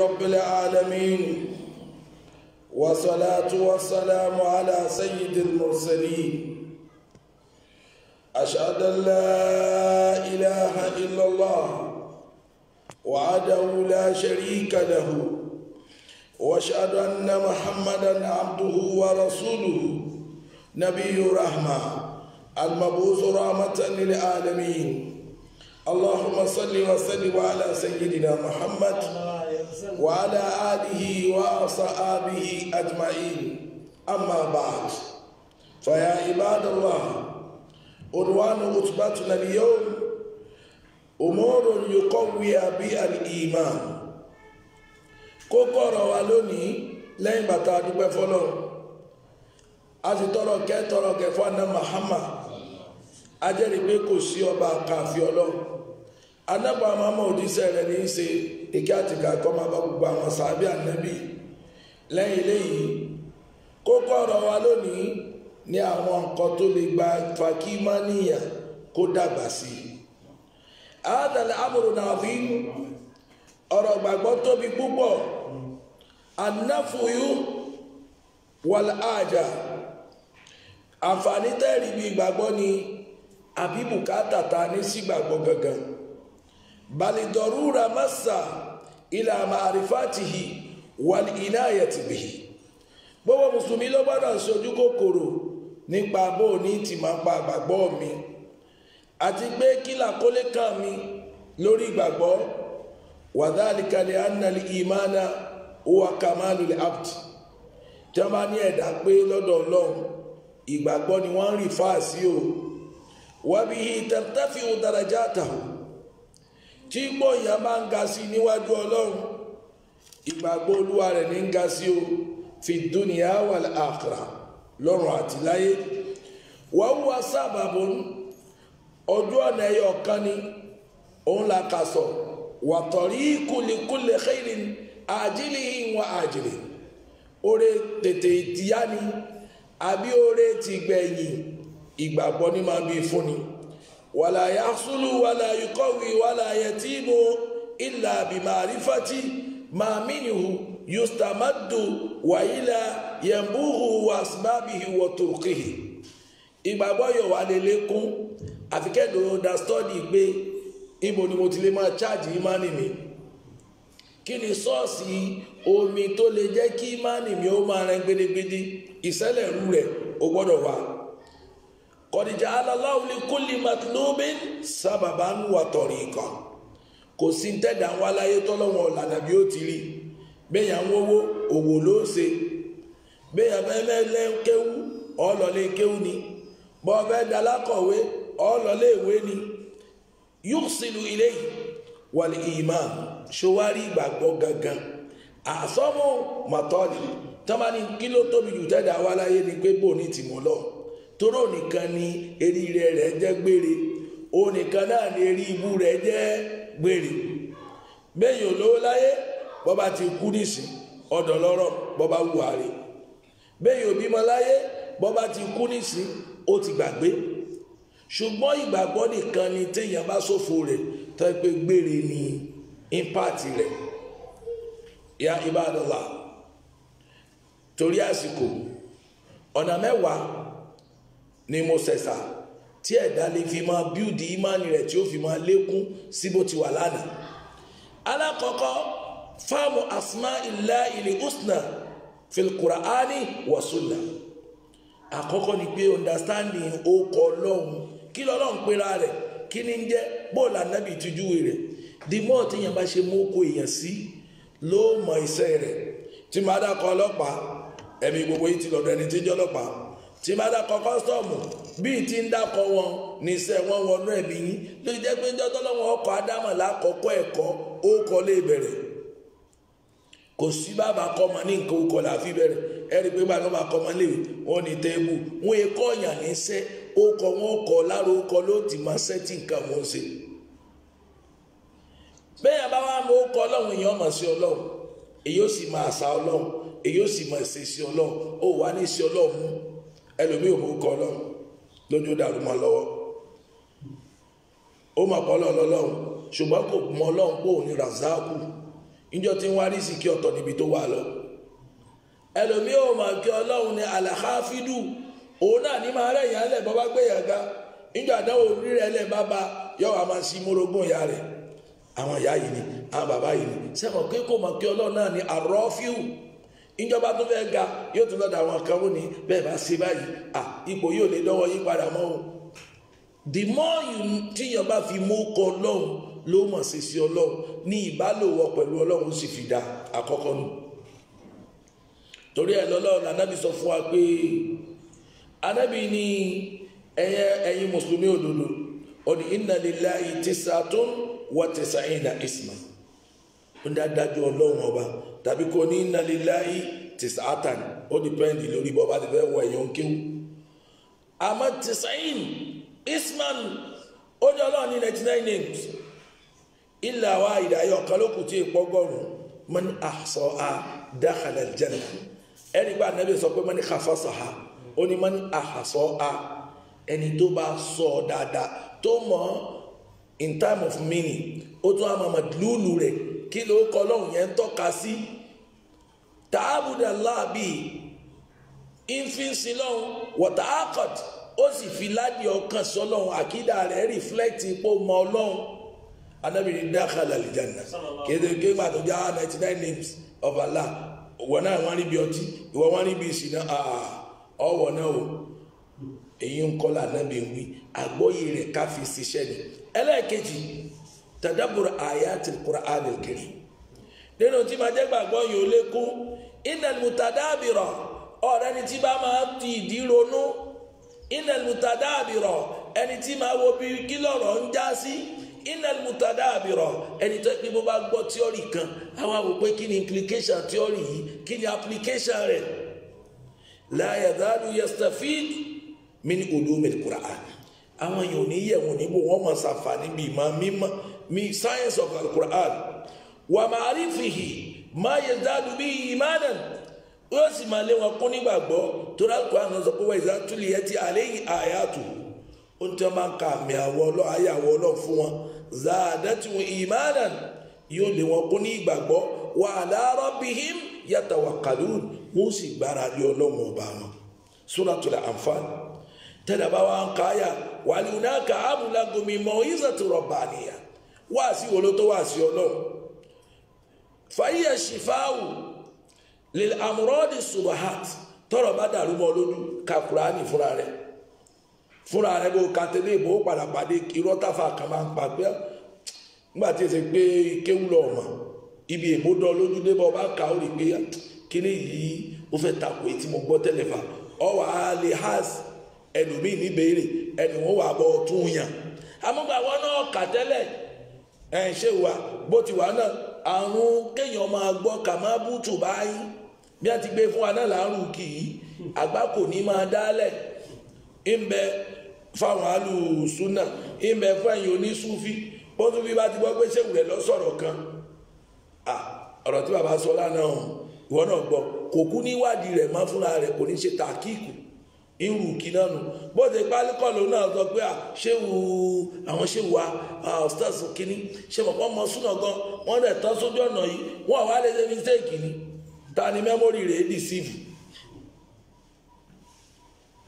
رب العالمين والصلاة والسلام على سيد المرسلين أشهد أن لا إله إلا الله وعده لا شريك له وأشهد أن محمدا عبده ورسوله نبي رحمة المبعوث رحمة للعالمين اللهم صل وسلم على سيدنا محمد وعلى آله وأصحابه أجمعين أما بعد فيا عباد الله عنوان خطبتنا اليوم أمور يقوي بها الإيمان kókó ọ̀rọ̀ wa lónìí lẹ́yìn bàtà dúpẹ́ fọlọ. a sì tọrọ kẹ́ tọrọ kẹ́ fún àná Muhammad ajẹ́rìí pé kò sí ọba ìkẹ́ àti kàkọ́ ma bá gbogbo àwọn sàábì ànábì kókó wa lónìí ní àwọn nǹkan tó lè gba fakimaniya kó dàgbà sí i. àádàlẹ̀ amúrò náà fi ń gbàgbọ́ tóbi púpọ̀ anáfòyú wàlá àjà àǹfààní tẹ́rì bí ni àbí bùkátà ta ní sí gbàgbọ́ bali darura masa ila maarifatihi wal inayati bihi gbogbo mùsùlùmí ló gbọ́dọ̀ ṣojú kòkòrò nípa bó ní ti máa pa àgbàgbọ́ mi àti pé kí làkólé kan mi lórí ìgbàgbọ́ wadhalika li anna al imana huwa kamalul abd tí wọ́n bá ní ẹ̀dá pé lọ́dọ̀ Ọlọ́run ìgbàgbọ́ ni wọ́n ń rì fáà sí o wa bihi tartafi'u darajatahu tí gbó èèyàn bá ń ga sí níwájú ọlọ́run ìgbàgbọ́ olúwa rẹ̀ ní ń ga sí o fi dúnìá wà àkàrà lọ́rùn àti láyé wọ́n wá sábàbò ojú ọ̀nà ẹ̀yọ̀ kan ni òun là kà sọ wàtọ̀rí kúlikúlẹ̀ xeyìn àjílì ìwọ̀n àjèlè oore tètè ìtìyá ni àbí oore tìgbẹ̀yìn ìgbàgbọ́ ni máa bí fún wàlà yasulu wàlà yukọ̀wé wàlà yẹtìmù ìlà bìmàrífàtì màmínihu yustamadu wàyílà yẹmbúhu wàsíbábìhi wọ̀tòkìhì ìgbàgbọ́ yóò wà lè lékún àfikẹ́dò dastọ́dì gbé ibo ni mo ti lè máa ṣáàjì ìmánì mi kí ni sọ́ọ̀sì omi tó lè jẹ́ kí ìmánì mi ó máa rẹ gbedegbede ìṣẹ̀lẹ̀ rú rẹ̀ ó gbọ́dọ̀ wà kọ̀dìjà aláwọ̀lì kúlì matlubin sábàbá ń wà tọ̀rì kan kò sí ń tẹ̀dá wọn aláyé tọ́lọ́wọ́n ọ̀làdà bí ó ti rí bẹ́yà ń wọ́wọ́ òwò ló ń ṣe bẹ́yà fẹ́ẹ́ lẹ́ ń kéwú ọ̀ọ́lọ́lẹ́ kéwú ni bọ́ fẹ́ dalákọ̀wé ọ̀ọ́lọ́lẹ́ ìwé ni yúùsìlù ilé wàlì ìmán ṣòwárí ìgbàgbọ́ gangan àsọ́mù màtọ́ni tọ́mání kí ló tóbi jù tẹ̀dá wọn aláyé ni pé bò ní tìmọ̀ lọ́wọ́ toro nìkan ni eríire rẹ jẹ́ gbére gbere nìkan náà ni eri ibú rẹ̀ jẹ́ gbére bẹ́ẹ̀ yóò láyé ti kú nísìn ọdọ lọrọ bọba wù àárẹ̀ bẹ́ẹ̀ láyé bọba ti kú nísìn ó ti gbàgbé ṣùgbọ́n ìgbàgbọ́ nìkan ni téèyàn bá ṣòfò rẹ̀ tó pé gbére ni impact rẹ̀ ya ibadallah torí àsìkò ọ̀nà mẹ́wàá ni mo ṣẹ̀ṣà tí ẹ̀dá lè fi máa bíúdi ìmánì rẹ̀ tí ó fi máa lékún sí bó ti wà lánàá. alákọ̀ọ́kọ́ fáàmù asma ilá ilé usna filkuraani wasula àkọ́kọ́ ni pé understanding ó ọlọ́run kí lọ́lọ́run pera rẹ̀ kí ni ń jẹ́ bóòlù ànábì ìtújúwe rẹ̀ di mọ́ọ̀ tí èèyàn bá ṣe mú kó èèyàn sí ló mọ iṣẹ́ rẹ̀ tí màá dákọ̀ ọlọ́pàá ẹ̀mí gbogbo yìí ti lọ́dọ̀ ẹni tí ń jẹ́ ọlọ́pàá tí bá dákọ̀ kọ́sítọ́ọ̀mù bíi ti ń wọn ní iṣẹ́ wọn wọnú ẹ̀mí yín ló jẹ́ pé ń dọ́tọ́ lọ́wọ́ ọkọ̀ ádámọ̀ lákọ̀ọ́kọ́ ẹ̀kọ́ ó kọ́ lé bẹ̀rẹ̀ kò sí bàbá kọ́mọ ní nǹkan okọ̀ láfi bẹ̀rẹ̀ ẹ̀rí wọn ní tẹ́ẹ̀bù wọn èkó ọ̀yàn ní ó kọ́ wọn kọ́ ó kọ́ ló ti máa nǹkan wọn ṣe bẹ́ẹ̀ bá wà kọ́ ọlọ́run èèyàn mọ̀ sí ọlọ́run èyí ó sì máa ọlọ́run èyí ẹlòmíì ò kọ ọlọ́run lójú dàrú mọ́ lọ́wọ́ ó mọ̀ pọ́ lọ́run lọ́lọ́run ṣùgbọ́n kò mọ ọlọ́run pò ní razaku njọ tí ń wá rí sìkí ọ̀tọ̀ níbi tó wà lọ ẹlòmíì ò mọ̀ kí ọlọ́run ní alahafidu òun náà ní máa gbé ga àdáwò yọ wà máa sí ìyá àwọn ni àwọn bàbá yìí ni sẹ́kọ̀ọ́ kí kò kí ọlọ́run náà ní ìjọba tó fẹ́ ga yóò tún lọ́dọ̀ àwọn kan ó ní bẹ́ẹ̀ bá ṣe báyìí ipò yóò lè dọ́wọ́ yí padà mọ́ o the more you tíyan bá fi mú kọ ọlọ́run ló mọ̀ sí sí ọlọ́run ní ìbálòwọ pẹ̀lú ọlọ́run sì fi dá àkọ́kọ́ nù torí ẹ̀ lọ́lọ́run anábì sọ fún wa pé anábì ní ẹ̀yẹ mùsùlùmí òdodo ó ní inna lillahi tis'atun wa isma onídàájú ọlọ́run ọba tàbí kò ní innalillahi ti sàátàn ó dìpẹ́ndì lórí bọ́ bá ti fẹ́ wọ ẹ̀yàn kéwù. àmọ́ tisain isman ó ní ọlọ́run ní ninety nine names illa wahida ọ̀kan ló kù tí èèpọ̀ gọ́rùn man ahsaha dakhala aljanna ẹni bá nàbí sọ pé man hafasaha ó ní man ahsaha ẹni tó bá sọ dáadáa tó mọ̀ in time of meaning ó tún àmọ́ màdúlù rẹ̀ kí ló kọ lọ́hùn yẹn ń tọ́ka sí tààbùdà láàbì ìfínsìn lọ́hùn wọ̀tá akọ̀t ó sì fi ládì ọkàn sọ́lọ́hùn àkídà rẹ̀ rìflẹ́tì pò mọ́ ọlọ́hùn anábìrì dákàlà àlìjáná kéde kéwà tó já ninety nine names of Allah ìwọ náà wọ́n rí bí ọtí ìwọ wọ́n rí bí ìsìná ọwọ́ náà o èyí ń kọ́ lànà bí wí àgbọ́yé rẹ̀ káfí ṣiṣẹ́ ni ẹlẹ́ẹ̀kejì tàdàbùrù àyàtì kùránì kiri nínú tí ma jẹ́ gbàgbọ́ yìí ó lékún ìnàlù tàdàbìrọ̀ ọ̀rẹ́ ni tí bá máa fi ìdí ronú ìnàlù tàdàbìrọ̀ ẹni tí máa wo bí kí lọ̀rọ̀ ń já sí ìnàlù ẹni tó pé bó bá gbọ́ tíọ́rì kan àwọn àwò kí ni implication tíọ́rì yìí kí ni application rẹ̀ láyàdánù yastafid min ulumil kùránì àwọn èèyàn ò ní yẹ̀ wọ́n níbo wọ́n mọ̀ sàǹfà níbi ìmọ̀ mímọ̀ min science of al-Qur'an wa ma'arifihi ma yazdadu bihi imanan ó sì máa lé wọn kún nígbàgbọ́ torí al-Qur'an náà sọ pé wọ́n ìzá túlẹ̀ yẹn ti alayhi ayatu ó ń tẹ́ máa ń ka àmì àwọ̀ ọlọ́ ayé àwọ̀ ọlọ́ fún wọn zaadatuhum imanan yóò lé wọn kún ní ìgbàgbọ́ wa ala rabbihim yatawakkalun wọ́n sì gbára lé ọlọ́mọ ọba wọn Suratul Anfal tẹ́lẹ̀ bá wa ń ka àyà wàlúùnáka amúlágomi mọ̀ ìzàtúrọ̀ bàníyà wáàsí wo ló tó wáàsí ọlọ́run fàyíyà ṣìfáwù lè àmúrọ́dì tọrọ bá dàrú mọ́ lójú ka kùránì fúnra rẹ fúnra rẹ bó ka tẹ́lẹ̀ ìbò padà pàdé irọ́ táfà kan máa ń pa pé nígbà tí ibi èbó dán lójú kà ó rí pé kíní yìí ó fẹ́ takò mo gbọ́ tẹ́lẹ̀ fà ọwọ́ has wọn wà bọ́ tún yàn ẹ̀ ń ṣe wà bó ti wà náà àrùn kéèyàn máa gbọ́ kà má bùtù báyìí bí a ti gbé fún wa náà láàrùn kì í àgbá kò ní máa dálẹ̀ ń bẹ fáwọn alùsùnà ń bẹ fún ẹ̀yìn onísúfí bó tún fi bá ti gbọ́ pé ṣéwù rẹ̀ lọ sọ̀rọ̀ kan ọ̀rọ̀ tí bàbá sọ lánàá ìwọ náà gbọ́ kò kú níwádìí rẹ̀ mọ́ fúnra rẹ̀ kò ní ṣe tàkíkù irú kí náà nù bóde pálíkọ̀ lòun náà sọ pé à ṣéwù àwọn ṣéwù wa ọ̀stẹ́sì kínní ṣe mọ̀ pọ́n mọ súnà gan wọ́n dẹ̀ tán sójú ọ̀nà yìí wọ́n wá lè ṣe mistake ni ta ni mẹ́mórì rẹ̀ dìsíìfù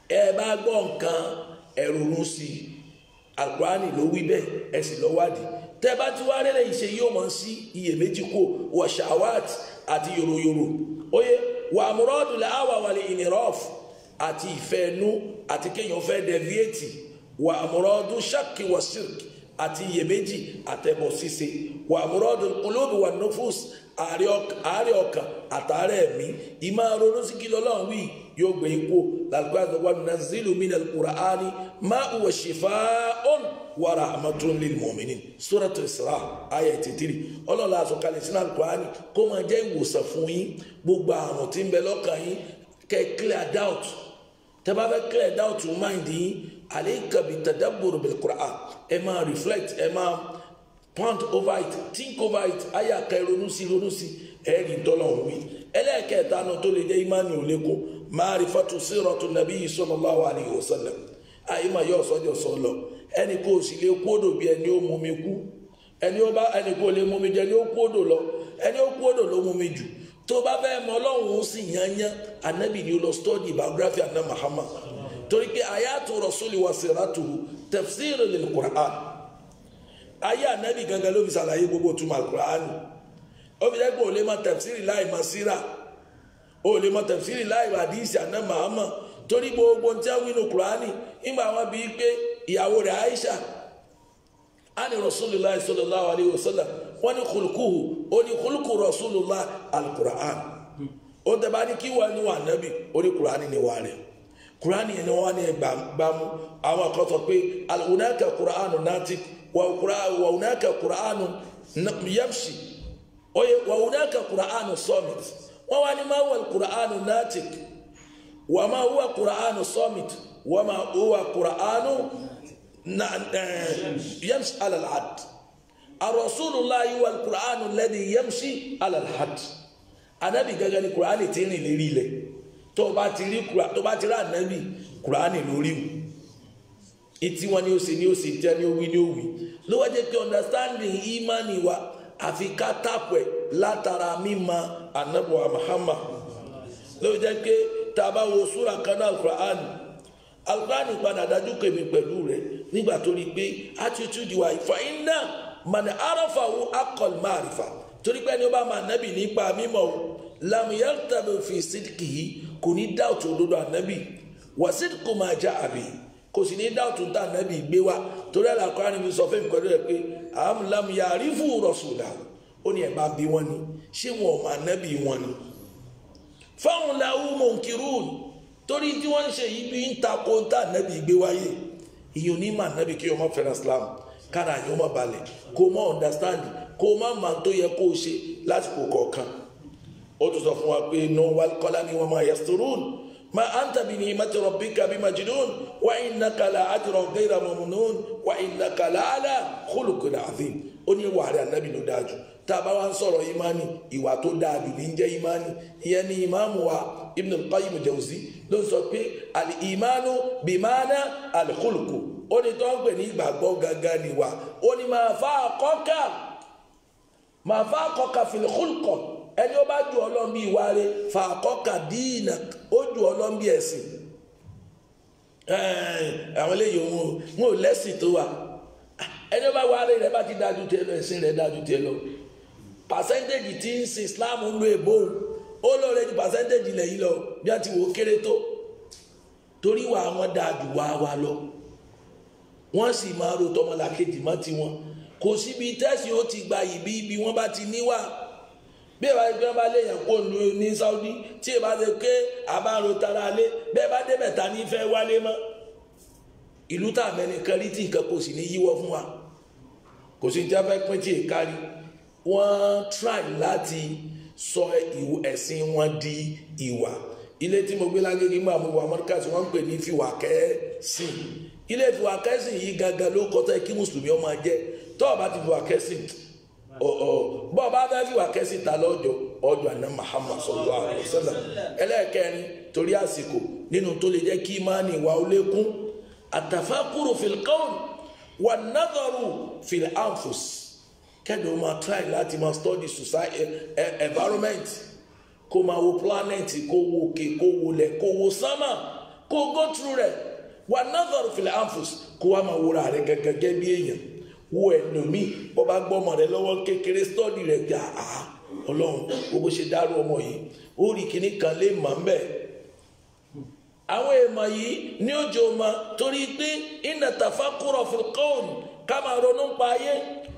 ẹ bá gbọ́ nǹkan ẹ̀rù rún sí i àgbáàní ló wí bẹ́ẹ̀ ẹ sì lọ wádìí tẹ́ bá ti wá rẹ́lẹ̀ ìṣe yóò mọ̀ sí iyèméjì kò wọ̀ṣàwát àti yòròyòrò ó yẹ wàmúrọ́dùlẹ̀ àwàwàlẹ̀ ìnìrọ́ọ̀fù àti ìfẹ́ inú àti kéèyàn fẹ́ dẹ̀víétì wà àmúrọ́dún ṣáàkì wà ṣírkì àti iyèméjì àtẹ̀bọ ṣíṣe wà àmúrọ́dún olóòdù wà nufus àárẹ̀ ọkàn àtàárẹ̀ ẹ̀mí ìmọ̀ ronú sí kìlọ̀ ọlọ́run wí yóò gbé ipò làlùkọ́yà wà nàzílù mí nàlùkùrà áni má wà ṣèfà ọ́n wa rahmatun lil mu'minin suratul Isra ayé tètèrè ọlọ́la àsọkalẹ̀ sínú àlùkùrà áni kó máa jẹ́ ìwòsàn fún yín gbogbo àrùn tí ń bẹ lọ́kàn yín kẹ́ clear doubt tẹ́ bá fẹ́ clear doubt your mind yín alayka bi tadabbur bil Qur'an ẹ máa reflect ẹ máa pant over it think over it ayé àka ronú sí ronú sí ẹ̀ẹ́dì tọ́lọ̀ ń wí ẹlẹ́ẹ̀kẹta náà tó lè jẹ́ imáni ò lékò ma'rifatu siratu nabiyyi sallallahu alayhi wa sallam àyè máa yọ ọ̀sọ́jọ́ sọ lọ ẹnì kò sì lè kú odò bí ẹni ó mú mi kú ẹni ó bá ẹnì kò lè mú mi jẹ ẹni ó kú odò lọ ẹni ó kú odò ló mú mi jù tó bá fẹ́ mọ ọlọ́run ó sì yányán anabi ni ụlọ lọ stọ́ọ̀dì biography anna Muhammad torí pé ayatu rasuli wa Qur'an ayé anabi gangan ló fi ṣàlàyé gbogbo túmọ̀ alukur'an ó fi dẹ́gbẹ́ ò lè mọ tafsiri láì mọ síra ò lè mọ tafsiri láì mọ àdìsí anna gbogbo ìgbà wọn bíi pé ìyàwó Aisha ani wọ́n ní kulukuhu ó ní kuluku rasulullah alukura'an ó dábàá ní kí wọ́n ní wà nábì ó ní kura'ani ní wà rẹ̀ kura'ani yẹn ni wọ́n ní gbàmú àwọn kan pé alhunaka kura'anu nati wàhunaka kura'anu yamshi wàhunaka kura'anu summit wọ́n wá ní máa wà kura'anu nati wà máa wà kura'anu summit wà máa wà kura'anu eh, yamshi alalad arọ̀sùlùláyé wà kùránù lẹ́ni yẹ́mṣí alàlhàd anábì gẹ́gẹ́ ni kùránì ti rìn lérí ilẹ̀ tó bá ti rí tó bá ti rí anábì kùránì lórí wù etí wọn ni ó ṣe ni ó ṣe jẹ́ ni ó wí ni ó wí ló wá jẹ́ pé understanding imani wa àfi ká tàpù ẹ̀ látara mímọ anábùwà Muhammad ló pé tá wo súra kan náà kùránì padà dájú kèmí pẹ̀lú rẹ̀ nígbà tó rí pé attitude wa ìfọ̀yín náà mani arafa wo akọl maarifa torí pé ẹni ó bá máa nábì nípa mímọ̀ o lamuyẹ́tàbí fi sídìkì yìí kò ní dáùtù òdodo ànábì wà sídìkù máa já àbí kò sì ní dáùtù tá ànábì gbé wa torí ẹ̀ làkúrẹ́ ni mi sọ fún mi pẹ̀lú ẹ̀ pé àmì lamuyẹ́ àrífù rọ̀ṣùlà ó ní ẹ̀ bá bí wọ́n ni ṣé wọn ò máa nábì wọn ni. fáwọn làwọn mọ̀nkìrún torí tí wọ́n ń ṣe yìí bí ń takò tá ànábì gbé wáyé ìyọ̀nìmọ̀ ànábì kí ọmọ fẹ́ràn Islam kára àyàn má balẹ̀ kó má understand kó má máa tó yẹ kó o ṣe lásìkò kọ̀ọ̀kan ó tún sọ fún wa pé nù wàlúkọ́lá ni wọ́n máa yẹ sùúrùn ma anta bi ni'mati rabbika bi majnun wa innaka la ajran ghayra mamunun. wa innaka la ala khuluqin azim ó ní wàhálà nàbì ló dáa jù tá a bá wá ń sọ̀rọ̀ imani ìwà tó dáa jù ní jẹ́ imani ìyẹn ni ìmáàmù wa ibn al-qayyim jawzi ló ń sọ pé al-imanu bimana al-khuluku ó ní tó ń pè ní ìgbàgbọ́ gangan níwà ó ní máa fa àkọ́kà máa fa àkọ́kà fil-khulqi ẹni ó bá ju ọlọ́run bí ìwà rẹ̀ fa àkọ́kà dínà ó ju ọlọ́run bí ẹ̀sìn àwọn eléyìí òun ò lẹ́sìn tó wà ẹni ó bá wà rẹ̀ rẹ̀ bá ti dájú tiẹ̀ lọ ẹ̀sìn rẹ̀ dájú tiẹ̀ lọ pàṣẹ́ntéèjì tí ń sin islam ń lo èbó ó lóore ju pàṣẹ́ntéèjì ilẹ̀ yìí lọ bí wọ́n ti wò ó kéré tó torí wà wọn dáa jù wá wa lọ wọ́n sì máa ro tọmọlàkejì mọ́ tiwọn kò síbi tẹ́sí ó ti gba ìbí ibi wọ́n bá ti níwà bẹ́ẹ̀ bá gbé bá léèyàn kó lu ní Saudi tí ẹ bá ṣe ké àbárò tara lé bẹ́ẹ̀ bá débẹ̀ ta ní fẹ́ wálé mọ́ ìlú tàbẹ́ni kan rí tí kò sì ní yíwọ́ fún wa kò sí jẹ́ fẹ́ pín tí èkárí. E wọ́n try láti sọ ẹ̀sìn wọn di ìwà ilé tí mo gbé lágége mú àmú wa amọ́ríkà tí wọ́n ń pè ní fìwàkẹ́sìn ilé fìwàkẹ́sìn yìí gangan ló kọ́ tẹ́ kí mùsùlùmí ọmọ jẹ́ tó o bá ti fìwàkẹ́sìn bọ́ ọ bá fẹ́ fìwàkẹ́sìn ta lọ́jọ́ ọjọ́ àná Muhammad sallallahu alaihi wasallam ẹlẹ́ẹ̀kẹrin torí àsìkò nínú tó lè jẹ́ kí imáàni wa ó lékún àtàfàkùrù fìlkọ́ọ̀n wà nàdọ̀rù fìlànfọ̀sì kẹ́dùn máa try láti máa study society eh, eh, environment kó máa wo planet kó wo òkè kó wo lẹ̀ kó wo sánmà kó go through rẹ̀ wà nọ́ọ̀dọ̀rù fìlẹ̀ anfus kó wá máa wúra rẹ̀ gẹ́gẹ́ bí èèyàn wo ẹ̀nùmí bó bá gbọ́ ọmọ rẹ̀ lọ́wọ́ kékeré study rẹ̀ gbà á ọlọ́run gbogbo ṣe dárú ọmọ yìí ó rí kan lè mọ̀ ń bẹ́ẹ̀ àwọn èèmọ̀ yìí ní òjò ma torí pé iná tàfà kúrọ̀ fún kọ́ọ̀n ká máa ronú pa ayé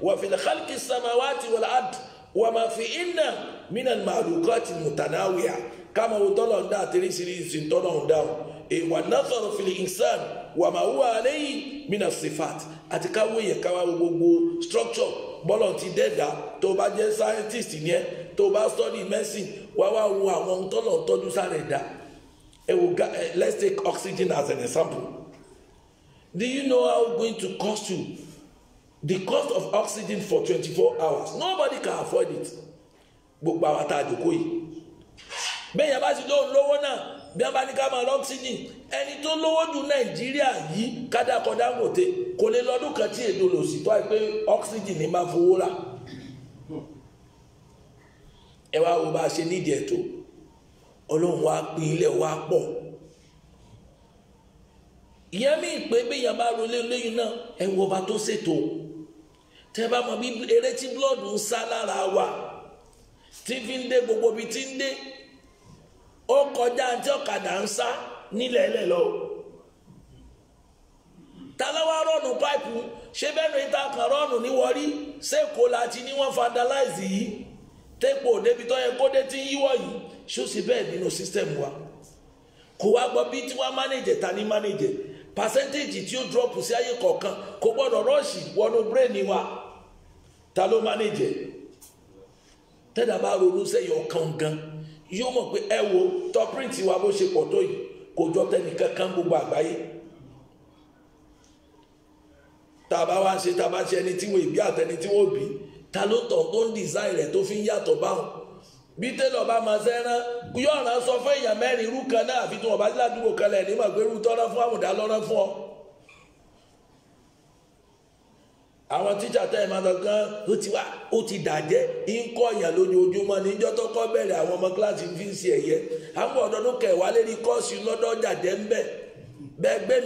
wà fìlẹ̀ kálíkì samawati wal ard wà máa fi iná mínà màlúkọ́ ti mùtànáwìà ká máa wo tọ́lọ̀ ń dá àtẹ́rẹ́sìrìsì tọ́lọ̀ ń dá o ìwà nàfàrò fìlẹ̀ ìsàn wà máa wú àlẹ́yìn mínà sifat àti káwé yẹn káwá gbogbo structure bọ́lọ̀ ti dẹ́gà tó bá jẹ́ scientist yẹn tó bá study medicine wá wá wo àwọn tọ́lọ̀ tọ́jú sáré dáa it will, uh, let's take oxygen as an example. Do you know how going to cost you? The cost of oxygen for 24 hours. Nobody can afford it. Gbogbo àwọn tá a jòkó yìí. Bẹ́ẹ̀ yẹn bá ti lóun lówó náà bí wọ́n bá ní ká máa lọ oxygen. Ẹni tó lówó ju Nàìjíríà yìí kádàkọ Dangote kò lè lọ́dún kan tí èdè olòṣì tó àìpé oxygen ní máa fowó rà. Ẹ wá wo bá a ṣe nídìí ẹ̀ tó. ọlọ́run wá pín ilẹ̀ wá pọ̀ ìyẹn mi pé béèyàn bá ro léyìn náà ẹ wọ ọba tó ṣètò tẹ bá mọ bí eré tí blọọdù ń sá lára wa tí fi ń dé gbogbo ibi tí ń dé ó kọjá àti ọ̀kadà ń sá nílẹ̀ ẹlẹ̀ lọ talawa rọ̀nù páìpù ṣé bẹ́ẹ̀ ni ìta kan rọ̀nù ní wọrí ṣé kò láti ní wọ́n fandalize yìí. tẹ́pọ̀ débi tó yẹ kó dé tí ń yíwọ́ yìí ṣó sì bẹ́ẹ̀ nínú sísítẹ́mù wa kò wá gbọ́ bí tí wọ́n mánéjẹ̀ ta ní mánéjẹ̀ pàṣẹ́ntéèjì tí ó dúrọ́pù sí ayé kọ̀ọ̀kan kò gbọ́dọ̀ rọ́ọ̀ṣì wọnú bírèèni wa ta ló mánéjẹ̀ tẹ́dà bá ronú sẹ́yìn ọ̀kan gan yóò mọ̀ pé ẹ wo tọ́ píríǹtì wa bó ṣe pọ̀ tó yìí kò jọ tẹnìkan kan gbogbo àgbáyé tá a bá wá ṣe tá a bá ṣe ẹni tí wọ́n ìbí ta ló tọ̀ tó ń design rẹ̀ tó fi ń yàtọ̀ báwọn bí te bá ba ma rán na rán sọ fún èèyàn mẹ́rin irú kan náà àfi tí wọ́n bá sí kan fún ọ. àwọn tíjà tẹ́ ẹ̀ máa sọ gan ti ọmọ kíláàsì fi ń àwọn kẹwàá lé ní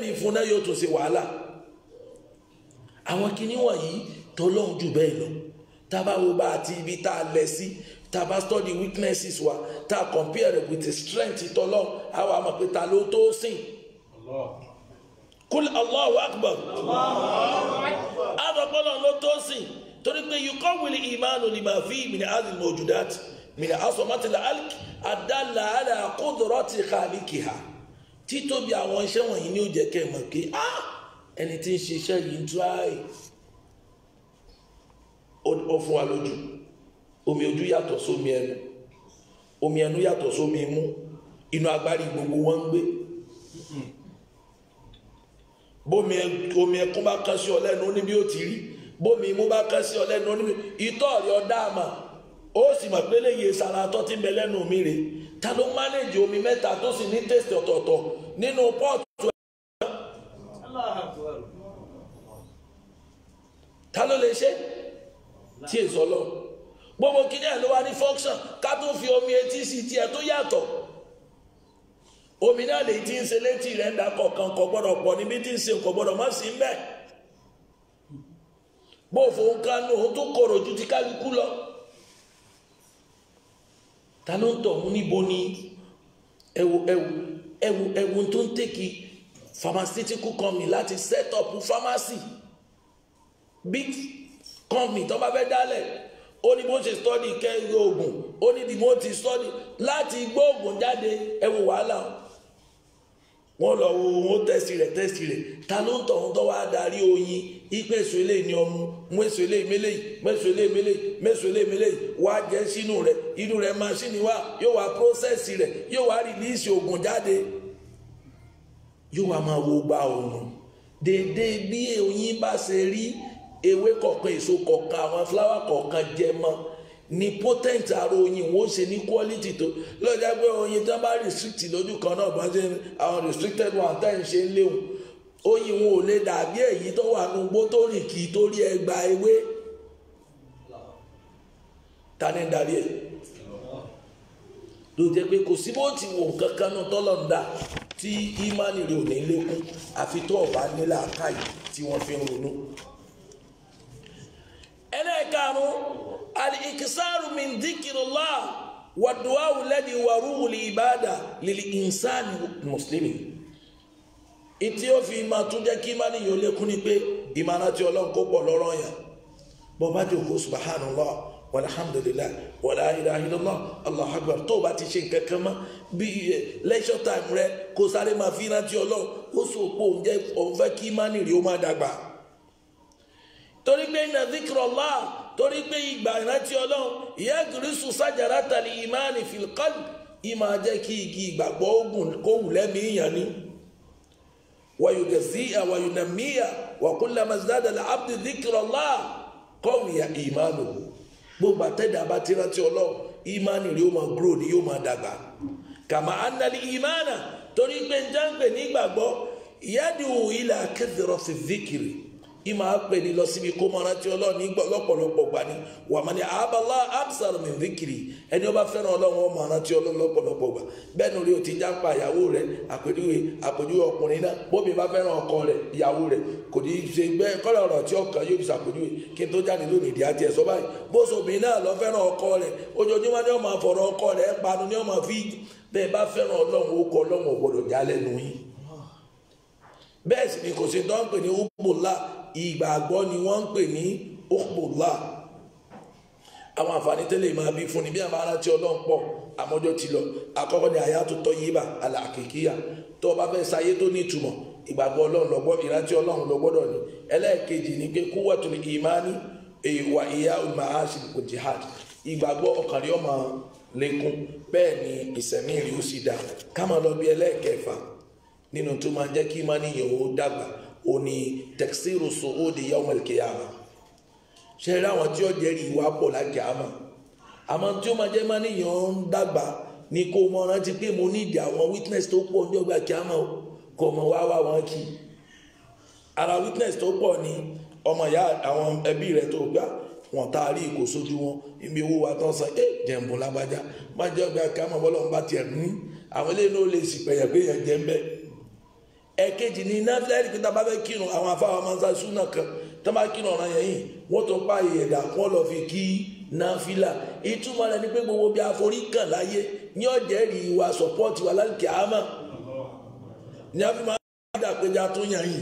mi fún náà yóò tún wàhálà àwọn tábà wo bá àti ibi tá a lẹ̀ sí study weaknesses wa tá compare with the strength tọ́lọ́ àwa àmọ̀ pé ta ló tó sìn. kúlẹ̀ Allahu akbar àdọ̀pọ̀lọ̀ ló tó sìn torí pé yukọ́ wuli ìmánu ni màá fi ìmìnira azil mawjudat mìnà asọ̀mọ́tìlá alk àdàlà àlà àkódọ̀rọ̀ ti khaliqiha títóbi àwọn iṣẹ́ wọ̀nyí ni ó jẹ́ kẹ́ ẹ̀ mọ̀ pé ah! ẹni tí ń ṣiṣẹ́ yìí ń tú ààyè. ó fún wa lójú omi ojú yàtọ̀ sómi ẹnu omi ẹnu yàtọ̀ sómi imú inú agbárí gbogbo wọn ń gbé bómi omi ẹkún bá kán sí ọ lẹ́nu ó bí ó ti rí bómi imú bá kán sí ọ lẹ́nu ó ní bí ìtọ́ rí ọ dáàmà ó sì mọ̀ pé léyè sara tó ti ń bẹ lẹ́nu mi rè ta ló mánéjì omi mẹ́ta tó sì ní tèsì ọ̀tọ̀ọ̀tọ̀ nínú pọ́ọ̀tù ẹ̀ ta ló lè ṣe. tí èso lọ gbogbo kíní ẹ̀ ló wá ní function ká tó fi omi etí sí tiẹ̀ tó yàtọ̀ omi náà lè ti ń ṣe létí rẹ̀ ń da kọ̀ọ̀kan kò gbọ́dọ̀ pọ̀ níbi tí ń ṣe kò gbọ́dọ̀ má sí ń bẹ̀ bófo ń kánú òun tó korò ju ti kálukú lọ ta ló ń tọ̀ mú níbo ni ẹwu ẹwu ẹwu ẹwu tó ń tèkì pharmaceutical company láti set up pharmacy big kọ́mì tó bá fẹ́ dálẹ̀ ó ní bó ṣe study kẹ́yọ oògùn ó ní bí mo ti study láti gbó oògùn jáde ẹ wo wàhálà wọn lọ wo wọn tẹsí rẹ tẹsí rẹ ta ló ń tọ̀ ń tọ́wọ́ adarí oyin ipe èso eléyìí ni ọmú mú èso eléyìí méléyìí mẹ́sọ eléyìí méléyìí mẹ́sọ eléyìí méléyìí wá jẹ́ sínú rẹ inú rẹ maṣíìnì wá yóò wá prósẹ́sì rẹ yóò wá rìlíìsì oògùn jáde yóò wá máa wo gba òun déédéé bí oyin bá ṣe rí ewé kọ̀ọ̀kan èso kọ̀ọ̀kan àwọn fúláwà kọ̀ọ̀kan jẹ mọ́ ni potent ara oyin wo ṣe ní quality tó lọ́jà pé oyin tí wọ́n bá restrict lójú kan náà bá ṣe àwọn restricted one time ṣe ń léwu oyin wọn ò lè dàbí èyí tó wà nù gbó tó rìn kì í torí ẹgbàá ewé ta ni ń darí ẹ̀ ló jẹ́ pé kò sí bó ti wò kankan náà tọ́lọ̀ ń dà tí ìmánì ò ní lékún àfi tó ọ̀bá nílà káyì tí wọ́n fi ń ronú dànù al-ikisaru min dhikrillah wa du'a alladhi wa ruhu al-ibada lil insani muslimi ìtí ó fi máa tún jẹ́ kí má ní yòó lékún ní pé ìmọ̀ràn tí ọlọ́run kó pọ̀ lọ́rọ̀ yẹn bó bá jókòó subhanallah walhamdulillah wala ilaha illallah allahu akbar tó o bá ti ṣe nǹkan kan mọ́ bí eh, lecture time rẹ kó sáré máa fi rántí ọlọ́run ó sọ pé òun jẹ́ òun fẹ́ kí má nìrí ó má dàgbà torí pé inna dhikrullah torí pé ìgbà ìrántí ọlọ́run ìyá gírísù sájàrá tàlí ìmáàní fìlkọ́lù ìmọ̀ ajẹ́ kí igi ìgbàgbọ́ ogun kó wù lẹ́mìí yàn ni. wàyùgẹ̀síyà wàyùnàmíyà wàkúnlẹ̀ mazdadala abdi dìkìrọ̀lá kọ́wìyà ìmáàlù gbogbo àtẹ̀dá bá ti rántí ọlọ́run ìmáàní rẹ̀ yóò máa gúrò ni yóò máa dàgbà. kàmá anali ìmáàna torí pé njẹ́ ń pè ní ìgbàgbọ́ ìyá ìmọ̀ àpè ní lọ síbi kó mọ́ra tí ọlọ́run ní lọ́pọ̀lọpọ̀ gbà ní wà má ní abala absalom ndikiri ẹni ó fẹ́ràn ọlọ́run ọmọ ara tí ọlọ́run lọ́pọ̀lọpọ̀ gbà bẹ́ẹ̀ ni orí o ti já pa ìyàwó rẹ àpèjúwe àpèjúwe ọkùnrin náà bóbi bá fẹ́ràn ọkọ rẹ ìyàwó rẹ kò ní í ṣe gbẹ́ kọ́lá ọ̀rọ̀ tí ọkàn yóò fi ṣàpèjúwe kí n tó jáde lónìí ìdí àti ni ó máa fọ̀rọ̀ ọkọ rẹ panu ni ó máa fi bẹ́ẹ̀ bá fẹ́ràn ọlọ́run ó kọ ọlọ́run ò gbọ́dọ̀ jálẹ̀ nù yín bẹ́ẹ̀ kò sí dọ́ńpẹ̀ ní ubùnlá ìgbàgbọ́ ni wọ́n ń pè ní okpola àwọn àǹfààní tẹ́lẹ̀ máa bí fún ni bí àwọn aráàtí ọlọ́run pọ̀ àmọ́jọ́ ti lọ àkọ́kọ́ ni àyà tó tọ́ yé bà àlàkèkíyà tó o bá fẹ́ sáyé tó ní ìtumọ̀ ìgbàgbọ́ ọlọ́run lọ́gbọ́ ìrántí ọlọ́run ló gbọ́dọ̀ ni ẹlẹ́ẹ̀kejì ni pé kúwàtò ìmání ìwà ìyá ìmáàṣì kò jihad ìgbàgbọ́ ọkàn rí ọmọ lẹ́kún bẹ́ẹ̀ ni ìsẹ̀mí rí ó sì dá kámọ́ lọ bí ẹlẹ́ẹ̀kẹfà nínú tó máa jẹ́ kí ìmání yẹn ó dàgbà ó ní tẹ̀síìrù su'udi yawmal qiyamah ṣe rí àwọn tí ó jẹ́rìí ìwà pọ̀ lákè àmọ́ àmọ́ tí ó máa jẹ́ máa níyàn ń dàgbà ni kó mọ rántí pé mo nídìí àwọn witness tó pọ̀ ní ọgbà kíámọ̀ kò mọ̀ wá wá wọn kì í ara witness tó pọ̀ ni ọmọ ìyá àwọn ẹbí rẹ̀ tó gbà wọn tá a rí ìkó sójú wọn ibi owó wa tán san ẹ eh, jẹ̀mbù lágbájá má jẹ́ ọgbà kíámọ̀ bọ́lọ́run tiẹ̀ ní àwọn eléyìí ló lè sì pẹ̀yẹ̀ pé yẹn jẹ́ ń bẹ́ẹ̀ ẹ̀kejì ní náfìlà ẹ̀rí pété abáfẹ́ kírun àwọn afáwọn amánsá súnà kan tó bá kírun ọ̀ràn yẹn yìí wọ́n tó pa ìyẹ̀dà wọ́n lọ fi kí náfìlà ìtumọ̀ rẹ̀ ni pé gbogbo bí aforí kàn láyé ní ọ̀jẹ̀ rí wa sọ̀pọ́ọ̀tì wa lálùkì àmà ní a fi máa ń dà péjá tó yàn yìí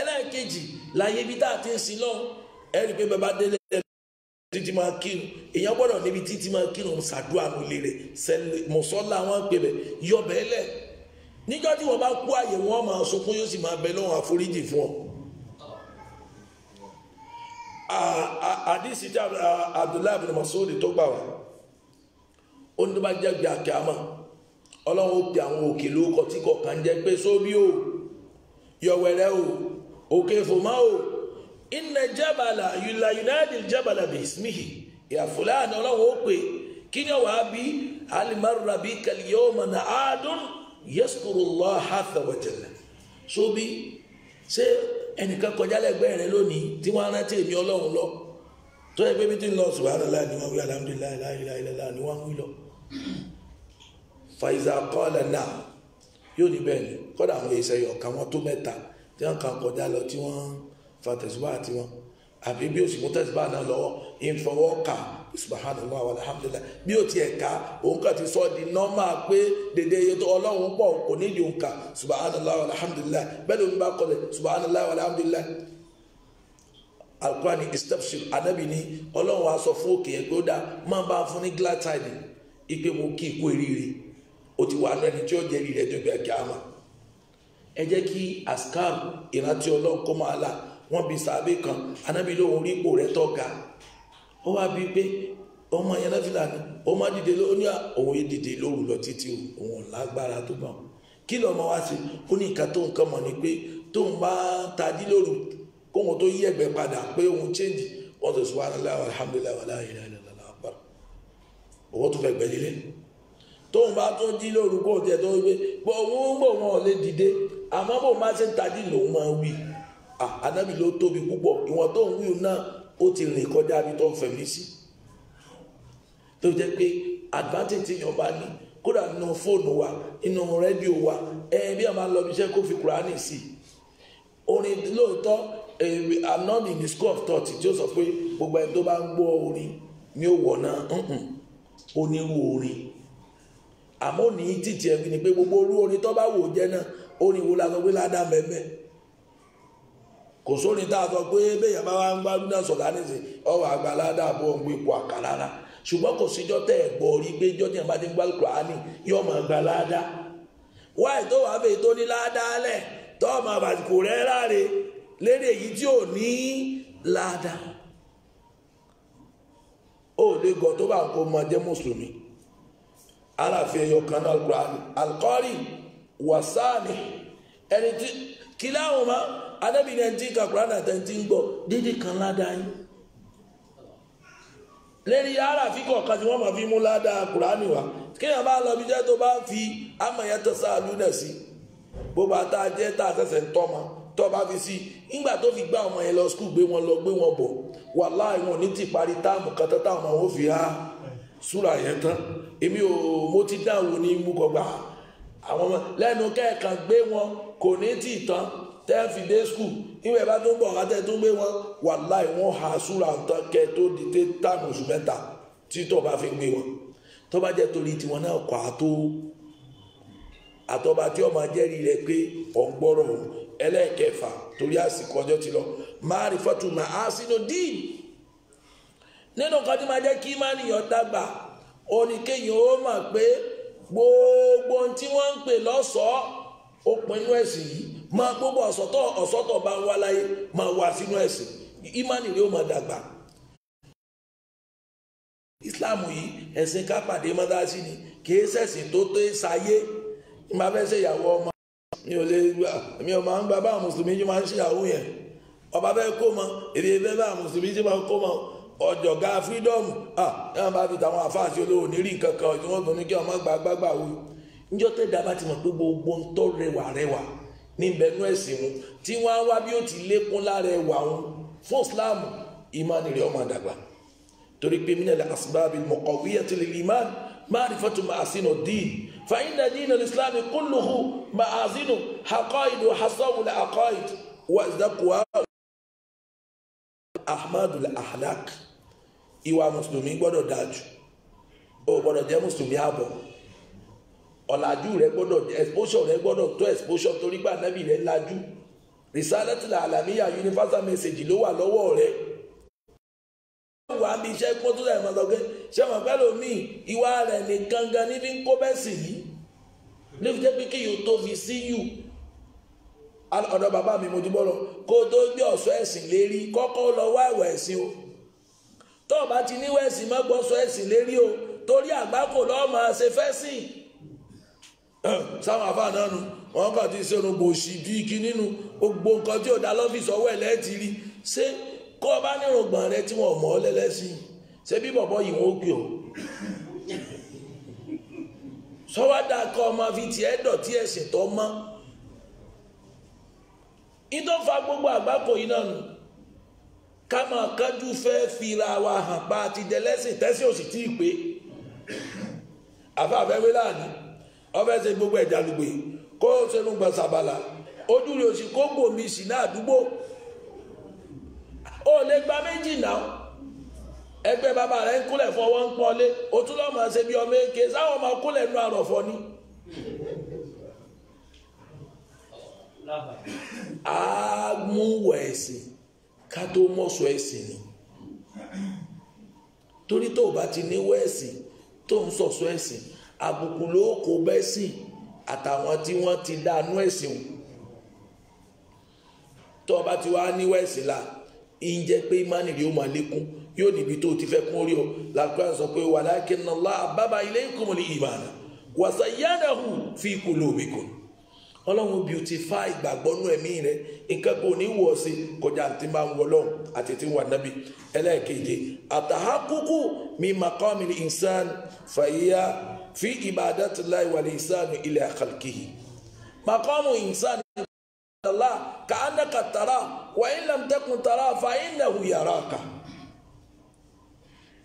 ẹlẹ́ẹ̀kejì láyé ibi tá a ti ń sin lọ ẹ̀rí pé bàbá délé títí máa kírun èèyàn gbọ́dọ̀ níbi títí máa kírun ṣàdúrà nílé rẹ̀ mọ̀sọ́lá wọn níjọ́ tí wọ́n bá kú àyè wọ́n máa sunkún yóò sì máa bẹ lọ́wọ́ àforíjì fún ọ. àdìsí tí Abdullahi bin Mas'ud tó gbà wá ó ní tó bá jẹ́ gbà kíámà ọlọ́run ó pe àwọn òkè lóko tí kọ̀ọ̀kan jẹ́ pé sóbí o yọ̀wẹ̀rẹ̀ o òkè fòmá o inna jabala yula yunadi jabala bi ismihi ya fulani ọlọ́run ó pe kí ni wàá bí alimarrabi kaliyoma na adun yaskurullaha azza wa jalla sóbi ṣé ẹnìkan kọjá lẹ́gbẹ̀ẹ́ rẹ lónìí tí wọ́n rántí èmi ọlọ́run lọ tó yẹ pé bí tí ń lọ subhanallah ni wọ́n wí alhamdulillah la ilaha illallah ni wọ́n wí lọ. faiza qala náà yóò ní bẹ́ẹ̀ ni kọ́dà àwọn iṣẹ́ yọ̀ ká wọ́n tó mẹ́ta tí wọ́n kàn kọjá lọ tí wọ́n fa tẹ̀síwá àti wọn àbí bí òsì tẹ̀síwá náà lọ́wọ́ ìfọwọ́ kà subhanallah alhamdulillah bí o tiẹ̀ ka òun kà ti sọ di nọ́mà pé dèdè iye tó ọlọ́run pọ̀ kò ní ìdí òun kà subhanallah alhamdulillah bẹ́ẹ̀ ló ń bá kọ́lẹ̀ subhanallah alhamdulillah alukurani istafshir anabi ni ọlọ́run wa sọ fún òkè yẹn pé ó dáa máa bá a fún ní glad ipe mo kí ikú eríire o ti wà lẹ́ni tí ó jẹ́ rí rẹ̀ tó gbẹ kíámà ẹ jẹ́ kí askam ìrántí ọlọ́run kó máa là wọ́n bí sàbẹ̀ kan anabi lóun rí ipò rẹ̀ tọ́ ga ó wá bíi pé ọmọ yẹn náà fìlà ó má dìde ló ní òun yìí dìde lóru lọ títí òun lágbára tó gbà kí lọmọ wá sí ó ní nǹkan tó nǹkan mọ̀ ni pé tóun bá tají lóru kóun tó yí ẹ̀gbẹ́ padà pé òun change wọn tó subhanallah alhamdulillah wàlá ilaha illallah akbar owó tó fẹ́ gbẹ́lẹ́ lé tóun bá tó dí lóru kó tiẹ̀ tó wípé bọ́ òun ń bọ̀ wọn ò lè dìde àmọ́ bó má ṣe tají lòun máa wí ànábì ó ti rìn kọjá bí tó ń fẹ̀mí sí tó jẹ́ pé advantage tí yàn bá ní kódà wa nínú rédíò wa ẹ bí a máa lọ bí iṣẹ́ kó fi kúránì sí i orin lóòótọ́ anọ́ọ̀nì ní school of thought tí ó sọ pé gbogbo ẹni tó bá ń gbọ́ orin ni ó wọ̀ náà onírú orin àmọ́ títí gbogbo orú orin tó bá wò jẹ́ wo la sọ pé ládàá mẹ́mẹ́ kò sóri tá a sọ pé bẹ́ẹ̀ bá wá ń gbádùn náà sọ̀tà nísìnyí ọwọ́ àgbàládà bọ̀ ń gbé ipò àkàrà ṣùgbọ́n kò síjọ́ tẹ̀ ẹ̀ gbọ́ rí pé jọ́ tí a bá ti ń gbá kùránì yóò máa gba láàdá wáì tó wàá fèyí tó ní láàdá lẹ̀ tó máa bàtìkù rẹ̀ láre lérí èyí tí ò ní láàdá ó lè gọ tó bá kó máa mùsùlùmí aláàfin ẹyọ kí láwọn máa anábìrin ẹni tí ń ka kúránà àtẹni tí ń gbọ́ dídì kan ládàá yín lẹ́ni ara fíkọ̀ kan tí wọ́n máa fi mú ládàá kúránì wá kéèyàn bá lọ bí jẹ́ tó bá fi amáyàtọ̀ sáàlú náà sí gbogbo àtà jẹ́ tá a sẹ̀sẹ̀ ń tọ́ ma tọ́ bá fi sí nígbà tó fi gbá ọmọ yẹn lọ skul gbé wọn lọ gbé wọn bọ̀ wàláhì wọn ní ti parí táàmù kan tán táwọn ọmọ fi súra yẹn tán èmi ò mo ti dáhùn ní mú kọgbà àwọn ọmọ lẹ́nu kẹ́ẹ̀kan gbé wọn kò ní tì tán tẹ́ fi dé skul ìwé bá tó bọ̀ kátẹ́ tó gbé wọn wàláì wọn ha súra tán kẹ tó di dé táàmù oṣù mẹ́ta títọ̀ bá fi gbé wọn tó bá jẹ́ torí tiwọn náà kọ́ àtó àtọ́ba tí ọmọ ajẹ́rì rẹ pé ọ̀gbọ́rọ̀ ẹlẹ́ẹ̀kẹfà torí àsìkò ọjọ́ ti lọ máa rí fọ́tùmá á sínú díì nínú nǹkan tí máa jẹ́ kí má nìyàn dàgbà oníkéyìn ó mọ̀ pé gbogbo tí wọ́n ń pè lọ́sọ̀ọ́ ó pinnu ẹ̀sìn yìí ma gbogbo ọ̀sọ̀tọ̀ ọ̀sọ̀tọ̀ bá wà láyé ma wà sínú ẹ̀sìn ìmánì rẹ̀ ó máa dàgbà. Islam yìí ẹ̀sìn ká pàdé sí ni kìí ṣẹ̀sìn tó tó ṣayé ìmọ̀ abẹ́ ṣe ìyàwó ọmọ mi ò lè gbà mi ò máa ń gba bá mùsùlùmí tí máa ń ṣèyàwó yẹn ọba bẹ́ẹ̀ kó mọ èdè bẹ́ẹ̀ bá mùsùlùmí máa mọ ọ̀jọ̀gá ah bá fi tàwọn àfáàsì olówó níbẹ̀nú ẹ̀sìn wọn tí wọ́n á wá bí ó ti lékún lára ẹwà wọn fún islam ìmánì rẹ̀ ọmọ àdàgbà torí pé minal asbab al-muqawiyati lil iman ma'rifatu ma'asin ad-din fa inna din al-islam kulluhu ma'azinu haqa'id wa hasawu al-aqa'id wa zakuwa ahmadu al-ahlak ìwà mùsùlùmí gbọ́dọ̀ dájú ó gbọ́dọ̀ jẹ́ mùsùlùmí àbọ̀ ọ̀làjú rẹ gbọ́dọ̀ exposure rẹ gbọ́dọ̀ tó exposure torí pé ànábì rẹ lajú alamiya universal message ló wà lọ́wọ́ rẹ. wàá bí iṣẹ́ pọ́n tó dàgbà sọ pé ṣé wọn fẹ́ lómi ìwà rẹ̀ ní gangan ní fi ń kó bẹ́ẹ̀ sì yìí ní fi jẹ́ pé kí yóò tó fi sí yù ọ̀dọ̀ bàbá mi mo dúpọ́ lọ kó o tó gbé ọ̀ṣọ́ ẹ̀sìn lérí kọ́kọ́ lọ wá ẹ̀sìn o tó o bá ti o torí àgbákò lọ́ọ́ máa ṣe fẹ́ sáwọn àfáà náà nu wọn kàn ti ṣe orúkọ òṣì bíi kí nínú gbogbo nǹkan tí se dá lọ́fíìsì ọwọ́ ẹ̀ lẹ́ẹ̀tì rí ṣé kọ́ ọ bá nírun rẹ tí wọn ò mọ̀ ọ́ lẹ́lẹ́sí ṣé bí bọ̀bọ̀ yìí wọn ó ọ́ sọ́wádà kọ́ ọmọ fi tiẹ̀ dọ̀tí ẹ̀sìn tó mọ́ gbogbo àgbákò yìí náà nù ká máa kájú fẹ́ fira wa hàn pa àti dẹlẹ́sìn tẹ́sí òsì tí ì pé láàánú. ọfẹsẹ gbogbo ẹja lùgbé kó sẹnu gbàsàbàlà ojú òsì kó sí náà ó lè gba méjì náà ẹgbẹ́ bàbá ń fọwọ́ ń o tún máa ṣe bí ọmọ èké sáwọn máa kúnlẹ̀ nu àrọ̀fọ́ ni. àmúwọ̀ ẹ̀sìn ká tó mọ̀sọ̀ ẹ̀sìn ni torí tó o bá ti níwọ̀ ẹ̀sìn tó ń sọ̀sọ̀ ẹ̀sìn àbùkù ló kó bẹ́ẹ̀ sí àtàwọn tí wọ́n ti dánú ẹ̀sìn tó o ti wá níwọ̀ ẹ̀sìn la ìjẹ́ pé ìmánì rí o máa lékún yóò níbi tó o ti fẹ́ kún orí o làkúrẹ́ sọ pé walakinna Allaha baba ilaykumul imana wa zayyanahu fi qulubikum ọlọ́run beautify ìgbàgbọ́ nú ẹ̀mí rẹ nǹkan kò ní wọ̀ sí kọjá tí máa ń wọ lọ́hùn àti tí ń wà nábì ẹlẹ́ẹ̀keje àtàhákùkù min maqamil insan fàyíyá fi ibadati lai wali insanu ila khalqihi maqamu insani Allah ka'annaka tara wa in lam takun tara fa innahu yaraka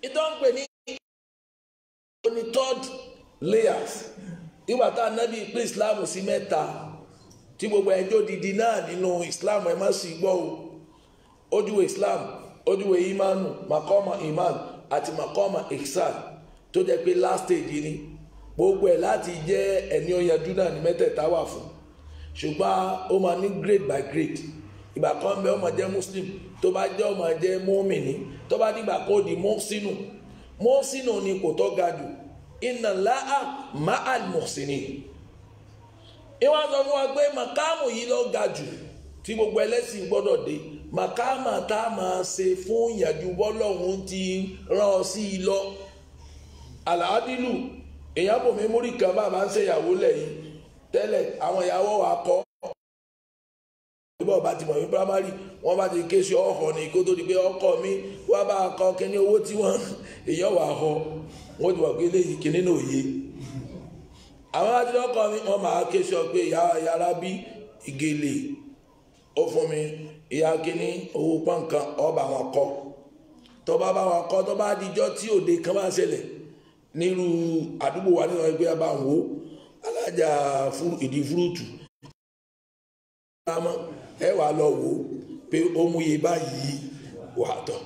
ìtàn pè ní ní third layers ìgbà tá ànábì pín Islam sí mẹ́ta tí gbogbo ẹjọ́ didi náà nínú Islam ẹ má sì gbọ́ o ojúwe Islam ojúwe imanu makoma iman àti makoma ihsan tó jẹ́ pé last stage ni gbogbo ẹ̀ láti jẹ́ ẹni ọ̀yanjú náà ní mẹ́tẹ̀ẹ̀ta wà fún ṣùgbọ́n ó máa ní grade by grade ìgbà kan bẹ ọmọ jẹ́ muslim tó bá jẹ́ ọmọ jẹ́ mọ́mìnì tó bá dìgbà kó di mọ́sínù mọ́sínù ni kò tó ga jù iná láà má àlùmọ̀sínì ìwọ́n sọ fún wa pé màkàmù yìí ló ga jù tí gbogbo ẹlẹ́sìn gbọ́dọ̀ dé màkàmà tá a máa ṣe fún ìyàjú bọ́lọ́hún ti rán ọ sí i lọ àlàádìlù èèyàn bò mí múrí kan bá máa ń ṣèyàwó lẹ́yìn tẹ́lẹ̀ àwọn ìyàwó wa kọ́ ìbọn bá ti mọ̀ mí primary wọ́n bá ti ké sí ọkọ̀ ní kó tó di pé ọkọ̀ mi wá bá a kọ́ kíní owó tí wọ́n èèyàn wà họ wọ́n ti mọ̀ pé léyìí kíní náà yé àwọn láti lọ́kọ̀ mi wọ́n máa ké sí ọ pé ìyá yàrá bí ìgèlè ó fún mi ìyá kíní owó pọ̀nkan ọba àwọn kọ́ tó bá bá wọn kọ́ tó bá tí òde kan máa ṣẹlẹ̀ nírú àdúgbò wa nínú ẹgbẹ́ abáwo alájà ìdí fúrúùtù ẹ wàá lọ wò ó pé ó mú iye báyìí wà tọ̀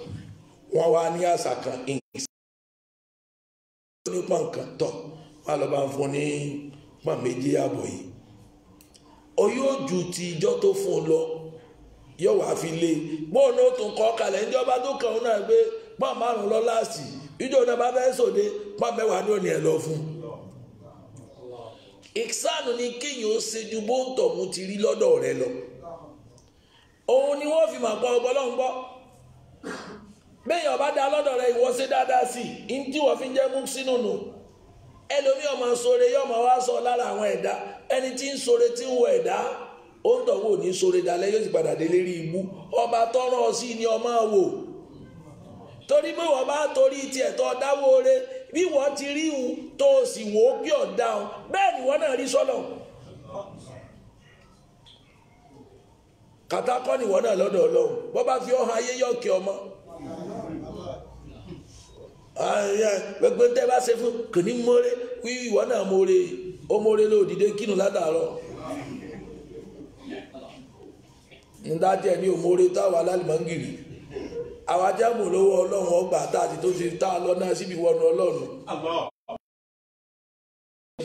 wọ́n wá ní àṣà kan ìgbésẹ̀ ní pọ̀nkan tọ̀ wọ́n lọ bá ń fún ní pọ̀n méjì àbọ̀ yìí yóò ju ti ijọ́ tó fún un lọ yóò wá fi lé bóun ó tún kọ́ kalẹ̀ ńjọba tó kàn náà gbé pọ̀n márùn-ún yìí. ìjọ náà bá fẹ́ sòde pàmẹ́wàá ní òní ẹ̀ lọ fún un ìsánù ni kéèyàn ó ṣe ju bóńtọ̀ mu ti rí lọ́dọ̀ rẹ lọ òun ni wọ́n fi mà pa ọgbọ́n lọ́hùn gbọ́ béèyàn bá da lọ́dọ̀ rẹ ìwọ ṣe dáadáa sí i ní tí wọ́n fi ń jẹ́ mú sínú nù ẹlòmíì ọmọ sore yóò máa wá sọ lára àwọn ẹ̀dá ẹni tí ń sore tí ń wọ ẹ̀dá ó ń tọ̀wọ́ ní sore dalẹ́ yóò sì padà délé rí ibú ọba tọrọ sí ni ọmọ wò torí pé wọ́n bá torí tiẹ̀ tó dáwọ́ re bí wọ́n ti rí un tó o sì wò ó kí ọ̀dà o bẹ́ẹ̀ ni wọ́n náà rí sọ́nà. kàtàkọ́ ni wọ́n náà lọ́dọ̀ ọlọ́run bọ́ bá fi ọ̀hún ayé yọ̀ọ̀kì ọmọ. gbogbo tẹ́ bá ṣe fún kò mọ́rẹ́ kí ìwọ náà mọ́rẹ́ ó mọ́rẹ́ lóòdìdé kínú ládàárọ̀ nígbà tí ẹni ò mọ́rẹ́ táwa lálẹ́ ń gìrì. àwọn ajáàmù lọ́wọ́ ọlọ́run ọgbà tá ti tá a lọ náà síbi wọnú ọlọ́run.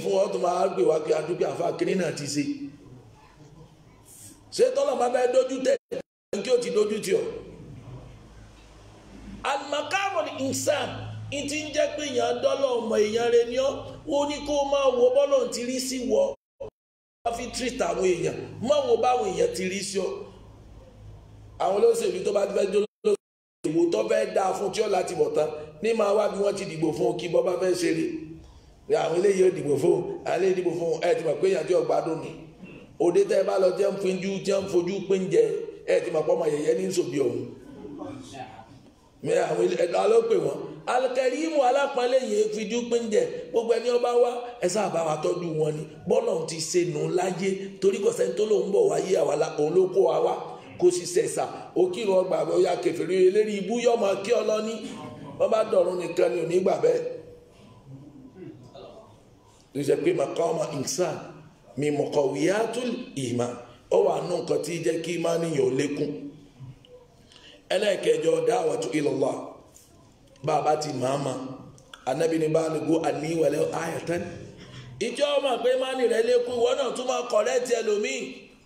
fún wọn tó máa gbé wá pé adúgbò àfa kínní náà ti ṣe. ṣé tọ́lọ̀ máa bẹ́ẹ̀ dójú tẹ̀ ẹ̀ kí o ti dójú tì ọ́. alimakamoni insan ìtì ń jẹ́ pé èèyàn dọ́lọ̀ ọmọ èèyàn rẹ ni ọ́ wọ́n ní kó máa wo bọ́lọ̀ ti rí wo báwọn èèyàn ti rí sí dáa fún tí ó láti bọ̀ tán ní máa wá bí wọ́n ti dìbò fún kí bọ́ bá fẹ́ ṣe rí pé àwọn eléyìí ò dìbò fún alẹ́ ìdìbò fún ẹ ti mọ̀ pé èèyàn tí ò gbádùn ni òde tẹ́ ẹ bá lọ jẹ́ ń fojú jẹ́ ń fojú péńjẹ ẹ ti mọ̀ pọ́ ọmọ yẹ̀yẹ́ ní sòbí òun mẹ àwọn ẹ̀dá ló pè wọ́n alikẹ́rìmù alápọ̀nlé yìí fìdí péńjẹ gbogbo ẹni ọba wa ẹ sáà bá wa tọ́jú wọn ni bọ́lọ̀ ti ṣe nù láyé torí kọ̀sẹ́ńtò lòún bọ̀ wáyé àwa olóko àwa kò sì sẹ̀sà ó kírun ọgbà rẹ̀ ó yà kẹfìrí eléri ibú yọ ọmọ kí ọlọ́ni wọ́n bá dọ̀run nìkan ni ò ní gbà bẹ́ẹ̀. ló jẹ́ pé maqama insan mi muqawiyatul iman ó wà nù nǹkan tí jẹ́ kí má níyàn lékún. ẹlẹ́ẹ̀kẹjọ da'watu ilallah bàbá ti màmá anabi ni báà lùgbò àníwẹ̀lẹ̀ ayatan ìjọ ọmọ pé má nì rẹ̀ lékún ìwọ náà tún máa lẹ́tì ẹlòmíì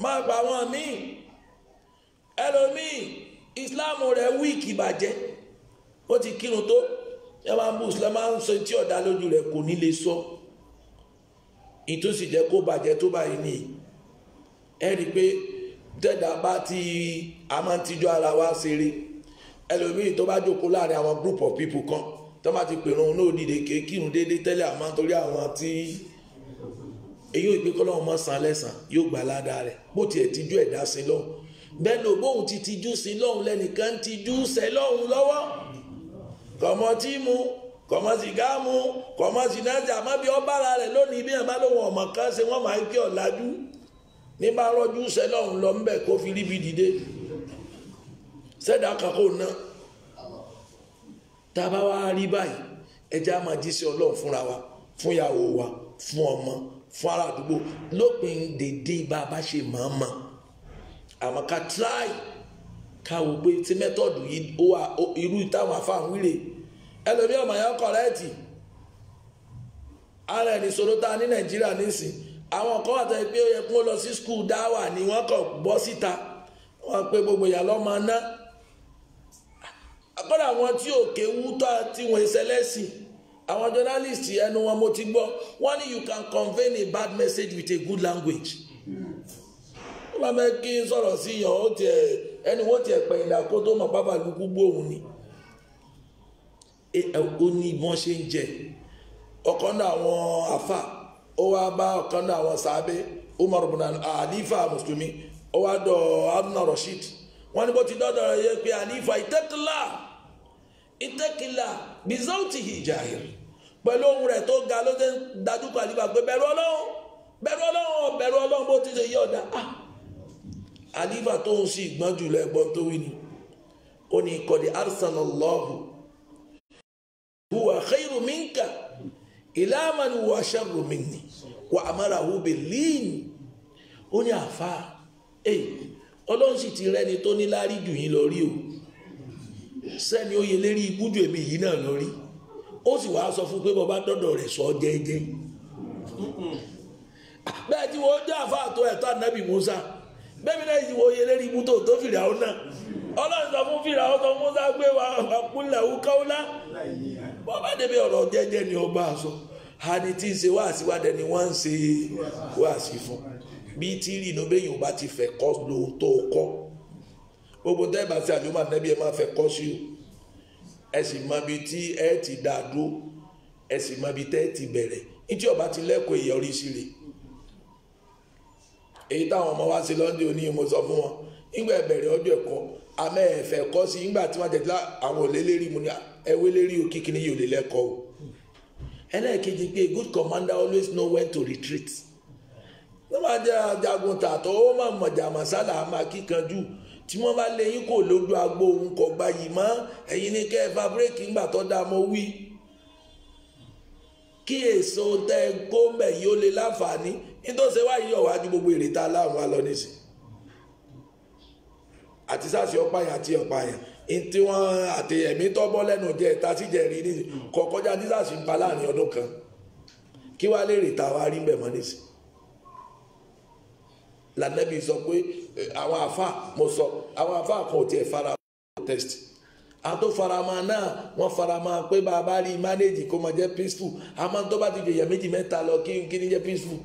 má gbà wọn míì ẹlòmíì Islam rẹ̀ wíìkì bàjẹ́ ó ti kírun tó ẹ máa ń bú ìsìláàmù máa ń sọ tí ọ̀dà lójú rẹ̀ kò ní lè sọ ìtòsí jẹ́ kó bàjẹ́ tó báyìí nìyí ẹ rí i pé tẹ́dà bá ti a máa ń tijọ́ ara wa ṣeré ẹlòmíì tó bá jókòó láàrin àwọn group of people kan tó bá ti pèrò òun náà dìde kírun déédéé tẹ́lẹ̀ àmọ́ torí àwọn tí èyí ò gbé kọ́lọ́hún mọ́ san lẹ́sàn yóò gbà ládàá rẹ̀ bó tiẹ̀ tijú ẹ̀dá sí lọ́hùn bẹ́ẹ̀ ló bóun ti tijú sí lọ́hùn lẹ́nìkan tijú sẹ́ lọ́hùn lọ́wọ́ kọ̀mọ́ tí mu kọ̀mọ́ sìgá mu kọ̀mọ́ sìnájà má bí ọ bára rẹ̀ lónìí bí ẹ̀ma lóhùn ọ̀mọ̀ kan ṣe wọ́n máa ń kí ọ̀làjú ní bá rọ́jú sẹ́ lọ́hùn lọ ń bẹ̀ kó fi ríbi dìde sẹ́dá kakó ná tábà wá rí báyìí ẹjẹ́ á máa jí sí ọlọ́run fúnra wa fún ìyàwó wa fún ọmọ fún ará àdúgbò lópin dèdè bá a bá ṣe mọ̀ọ́mọ̀ọ́ àmọ́ ká try ká wò pé tí mẹ́tọ̀dù yìí ó wà irú táwọn afáwọn wílé ẹlòmí ọmọ yẹn kọ̀rẹ́ẹ̀tì ara ẹni sọ̀rọ̀ tá ní nàìjíríà nísìn àwọn kan àtàwọn pé ó yẹ kó lọ sí skul dáwà ni wọ́n kàn bọ́ síta wọ́n pe gbogbo ìyá lọ́mọ ná akọ́dà àwọn tí òkè wú tó àti wọn àwọn journalist ẹnu wọn mo ti gbọ́ wọ́n ní you can convey a bad message with a good language máa fẹ́ kí sọ̀rọ̀ sí yàn ó tiẹ̀ ẹni wọ́n tiẹ̀ pẹ̀yìn dà kó tó mọ̀ pápá lukú gbóhùn ni ó ní wọ́n ṣe ń jẹ ọ̀kan náà àwọn afa ó wá bá ọ̀kan náà àwọn sábẹ́ Umar bin alifa mùsùlùmí ó wá dọ̀ Haruna Rashid wọ́n ní bó ti dọ́dọ̀ rẹ̀ yẹ pé alifa ìtẹ́kìlá ìtẹ́kìlá bizọ́ọ̀tì ìjàhìr pẹ̀lú ohun rẹ̀ tó ga ló ti ń dájú kọ àlífà pé bẹ̀rù ọlọ́run bẹ̀rù ọlọ́run bẹ̀rù ọlọ́run bó ti ṣe yí ọ̀dà ah àlífà tó ń sì gbọ́n jù tó wí ni ó ní kọ́dí arsalallahu huwa khayru minka ila man huwa sharru minni wa amarahu bil lin ó ní àfa ẹ̀ eh, ọlọ́run sì ti rẹ́ni tó ní jù yín o sẹ́ni ó yẹ lérí ibùdó èmi yìí náà lọ ó sì wàá sọ fún pé bọ́ bá dọ́dọ̀ rẹ̀ sọ jẹ́jẹ́ bẹ́ẹ̀ tí wọ́n jẹ́ àfa àtọ́ Musa. bẹ́ẹ̀ mi náà yìí wòye lérí ibú tó tó fìrà ó náà ọlọ́run sọ fún fìrà ó sọ fún ságbé wa àkúlẹ̀ òkáwọ́lá wọ́n bá débi ọ̀rọ̀ jẹ́jẹ́ ni ọba àṣọ ani tí ń ṣe wáàsí wádẹ ni wọ́n ń ṣe wáàsí fún bí tí rí inú bẹ́yìn ọba ti fẹ́ kọ́ lo tó kọ́ gbogbo tẹ́ẹ̀bà sí àjọmọ́ àtẹ́bí ẹ máa fẹ́ kọ́ sí o ẹ sì mọ ibi tí ẹ ti dá dúró ẹ sì mọ ibi tẹ́ ti bẹ̀rẹ̀ ní tí ọba ti lẹ́kọ̀ọ́ ìyọrí èyí táwọn ọmọ wa ṣe lọ́ndì òní mo sọ fún wọn nígbà ìbẹ̀rẹ̀ ọjọ́ ẹ̀kọ́ àmọ́ ẹ̀fẹ̀ kọ́ sí nígbà tí wọ́n tẹ̀lé àwọn òlélérí mu ní ẹwé lérí òkìkí ni yóò lẹ́kọ̀ọ́ ẹlẹ́ẹ̀kejì pé a good commander always know when to retreat wọ́n máa jẹ́ ajagun tààtọ̀ ó máa mọ̀jà màsálà máa kíkanjú tí wọ́n bá lé yín kò lójú agbo òun kò gbayì mọ́ ẹ̀yin ní kẹ́ bírèkì ńgbà tó dáa mọ́ wí kí èso tẹ kó mbẹ yìí ó lè láǹfààní nítòsí wá yíyọ wájú gbogbo èrè tá a láwọn alọ nísìn àti sáàsì ọpáyà àti ọpáyà ntí wọn àti ẹmí tọgbọ lẹ́nu jẹ tasíjẹ rí nísìn kọkọjá ní sáàsì ń pa láàrin ọdún kan kí wàá lè rè tá rí mbẹ mọ nísìn lànàbí sọ pé àwọn àfa mo sọ àwọn àfa kan ò tiẹ̀ fara protest àtò farama náà wọn farama pé bàbá rí manage kó máa jẹ́ peaceful àmọ́ tó bá ti jòyè méjì lọ kí kí ni jẹ́ peaceful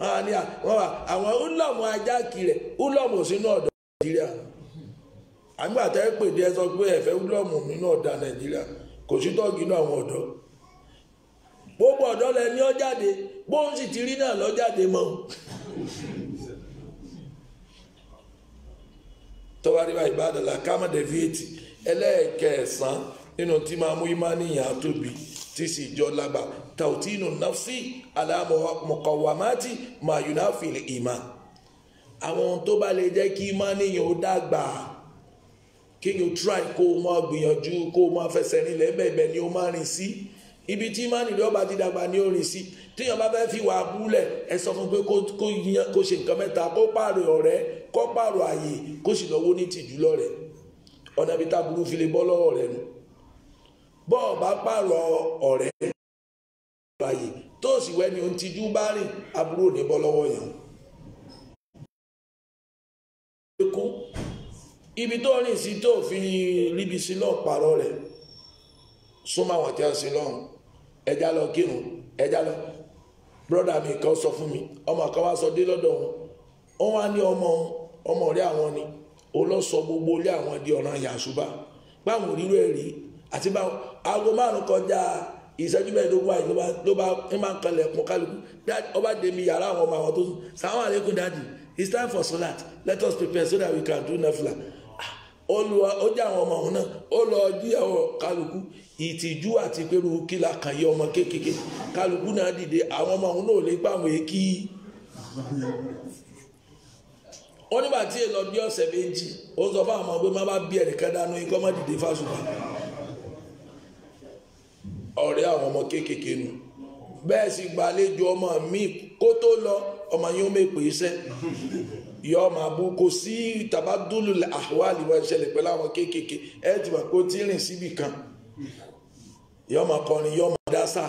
wọ́n ní àwọn àwọn ulọ̀mù ajá kiri ulọ̀mù sínú ọ̀dọ̀ nàìjíríà àgbà tẹ́ pè dé sọ pé ẹ̀fẹ́ ulọ̀mù nínú nàìjíríà kò sí gbogbo lẹ ní bóun sì ti rí náà tọ́wárí ẹlẹ́ẹ̀kẹsàn nínú tí máa mú ìmánìyàn tóbi tí sì jọ lágbà tàùtínú nafsi alámọ̀kọ̀wàmátì máa yùnáfìlì ìmá àwọn tó bá lè jẹ́ kí ìmánìyàn ó dàgbà kéèyàn try kó o máa gbìyànjú kó o máa fẹsẹ̀ nílẹ̀ bẹ́ẹ̀ ni o máa rìn sí ibi tí ìmánìyàn lọ́ba ti dàgbà ni ó rìn sí téèyàn bá fẹ́ fi wà á búlẹ̀ ẹ sọ fún pé kó ṣe nǹkan mẹ́ta kó pààrọ̀ ọ̀rẹ́ kó pààrọ̀ àyè kó sì lọ́wọ́ ní tìjú lọ́rẹ̀ẹ́ ọ̀nà ibi táburú fi lè bọ́ lọ́wọ́ rẹ nu bọ́ọ̀ bá pààrọ̀ ọ̀rẹ́ báyìí tó sì wẹ́ni ohun tíjú bá rìn aburú ò ní bọ́ lọ́wọ́ yẹn kú ibi tó rìn sí tó fi ríbi sí náà pààrọ̀ rẹ̀ súnmọ́ àwọn tí wọ́n sí lọ́run ẹja lọ kírun ẹja lọ brọ́dà mi kan sọ fún mi ọmọ kan wá sọ dé lọ́dọ̀ wọn wọn wá ní ọmọ ọmọ rẹ̀ àwọn ni olóṣọ gbogbo ilé àwọn di ọ̀ràn yàṣùbà báwọn onírú ẹ̀ rí àti báwọn aago márùn kọjá ìṣẹ́jú mẹ́ẹ̀ẹ́dógún àyè ló bá ń máa ń kanlẹ̀ kún kálukú ọba dèmi yàrá àwọn ọmọ àwọn tó sùn sàwọn àlékún dáàdì it's time for solat let us prepare so that we can do nafla olùwà ah, ó jẹ́ àwọn ọmọ òun náà ó lọ jí àwọn kálukú ìtìjú àti pẹ̀lú kíla kàn yí ọmọ kékeré kálukú náà dìde àwọn ọmọ òun náà lè gbàwọ̀n èkì ó nígbà tí èlò bí ọ̀sẹ̀ méjì ó sọ fún àwọn ọmọ pé má bá bí ẹnìkan dánú ikọ́ má dìde fásùpà ọ̀rẹ́ àwọn ọmọ kéékèèké nu bẹ́ẹ̀ sì gbàlejò mi kó tó lọ ọmọ yín ó mèpè iṣẹ́ yọ máa kò sí tabadulu àwàlì wọn ṣẹlẹ̀ pẹ̀lú àwọn kéékèèké ẹ ti wà kó tí rìn síbì kan yọ máa kọrin yọ máa dásà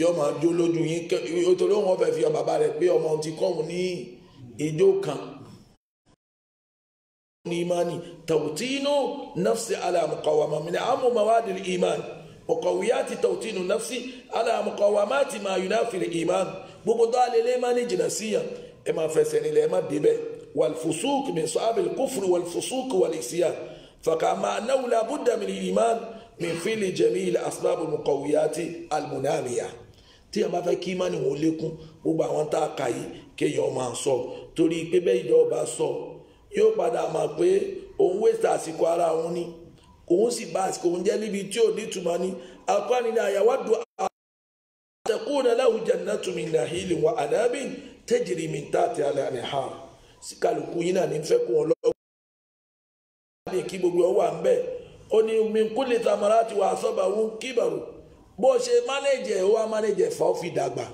yọ máa jó lójú yín torí wọn fẹẹ fi ọ bàbá pé ọmọ ti kọhún ní ijó kan imani tautinu nafsi ala muqawama min amu mawadi al-iman muqawiyati tautinu nafsi ala muqawamati ma yunafi al-iman gbogbo tó a lè lè má ní jìnnà síyàn ẹ máa fẹsẹ̀ nílẹ̀ ẹ má débẹ̀ wal-fusuk min sa'ab al-kufr wal-fusuk wal-isyan fakama annahu la budda min al-iman min fili jami'il asbab al-muqawiyati al-munamiya tí a bá fẹ́ kí imani wọn lékún gbogbo àwọn tá a kà yìí kéèyàn máa sọ torí pé bẹ́ẹ̀ ìjọba sọ yóò padà mọ̀ pé òun wéṣẹ̀ àsìkò ara òun ni òun sì bá àsìkò òun jẹ́ níbi tí ò ní ni alukọ́ni ni àyàwó àdùn àtẹkùn aláwùjọ jannatu min nahili wa anabin tajri min tati al-anhar síkàlùkù yìí náà ní fẹ́ kún ọlọ́wọ́ ní kí gbogbo ọwọ́ à ń bẹ̀ ó ní min kulli thamarati wa asabahu kibaru bó ṣe mánéjì ẹ̀ ó wá mánéjì ẹ̀ fà ó fi dàgbà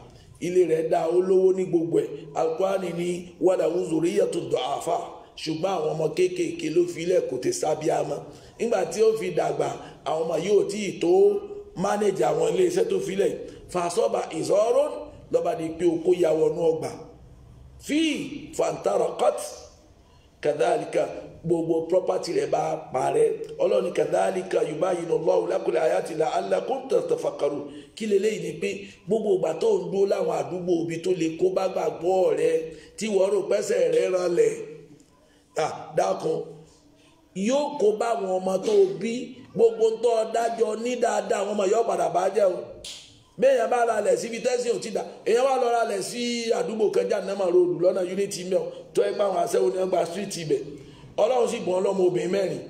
ilé rẹ̀ dá ó ní gbogbo ẹ̀ alukọ́ni ni wàdà wúzùrí yàtọ̀ dọ̀ àfà ṣùgbọ́n àwọn ọmọ kéékèèké ló fi ilẹ̀ kò tè sábíàmọ́ nígbà tí ó fi dàgbà àwọn ọmọ yóò tí ì tó mánéjì àwọn iléeṣẹ́ tó filẹ̀ fàṣọba ìṣòro lọ́ba di pé okó ya wọnú ọgbà fíì fantara cut kadhalika gbogbo property rẹ̀ bá parẹ́ ọlọ́ni kadhalika yorùbá yìí ní ọlọ́run lákùlẹ̀ ayáti la alákó tàfàkàrù kí lélẹ́yìn ni pé gbogbo ìgbà tó ń dúró láwọn àdúgbò òbí tó lè kó bá gbàgbọ́ rẹ tí wọ́n rò pẹ́sẹ̀ rẹ̀ rálẹ̀ dákun yóò kó bá àwọn ọmọ tó bí gbogbo ń tọ́ dájọ́ ní dáadáa àwọn ọmọ yóò padà bá jẹ́ o bẹ́ẹ̀yàn bá ra lẹ̀ síbi tẹ́sán ò ti dà èèyàn bá lọ lẹ̀ sí àdúgbò kẹjá nàmà ròdù lọ́nà unity mail tó ẹ pa àwọn aṣẹ́wó ní ọgbà street ibẹ̀ ọlọ́run sì bùn ọlọ́mọ obìnrin mẹ́rin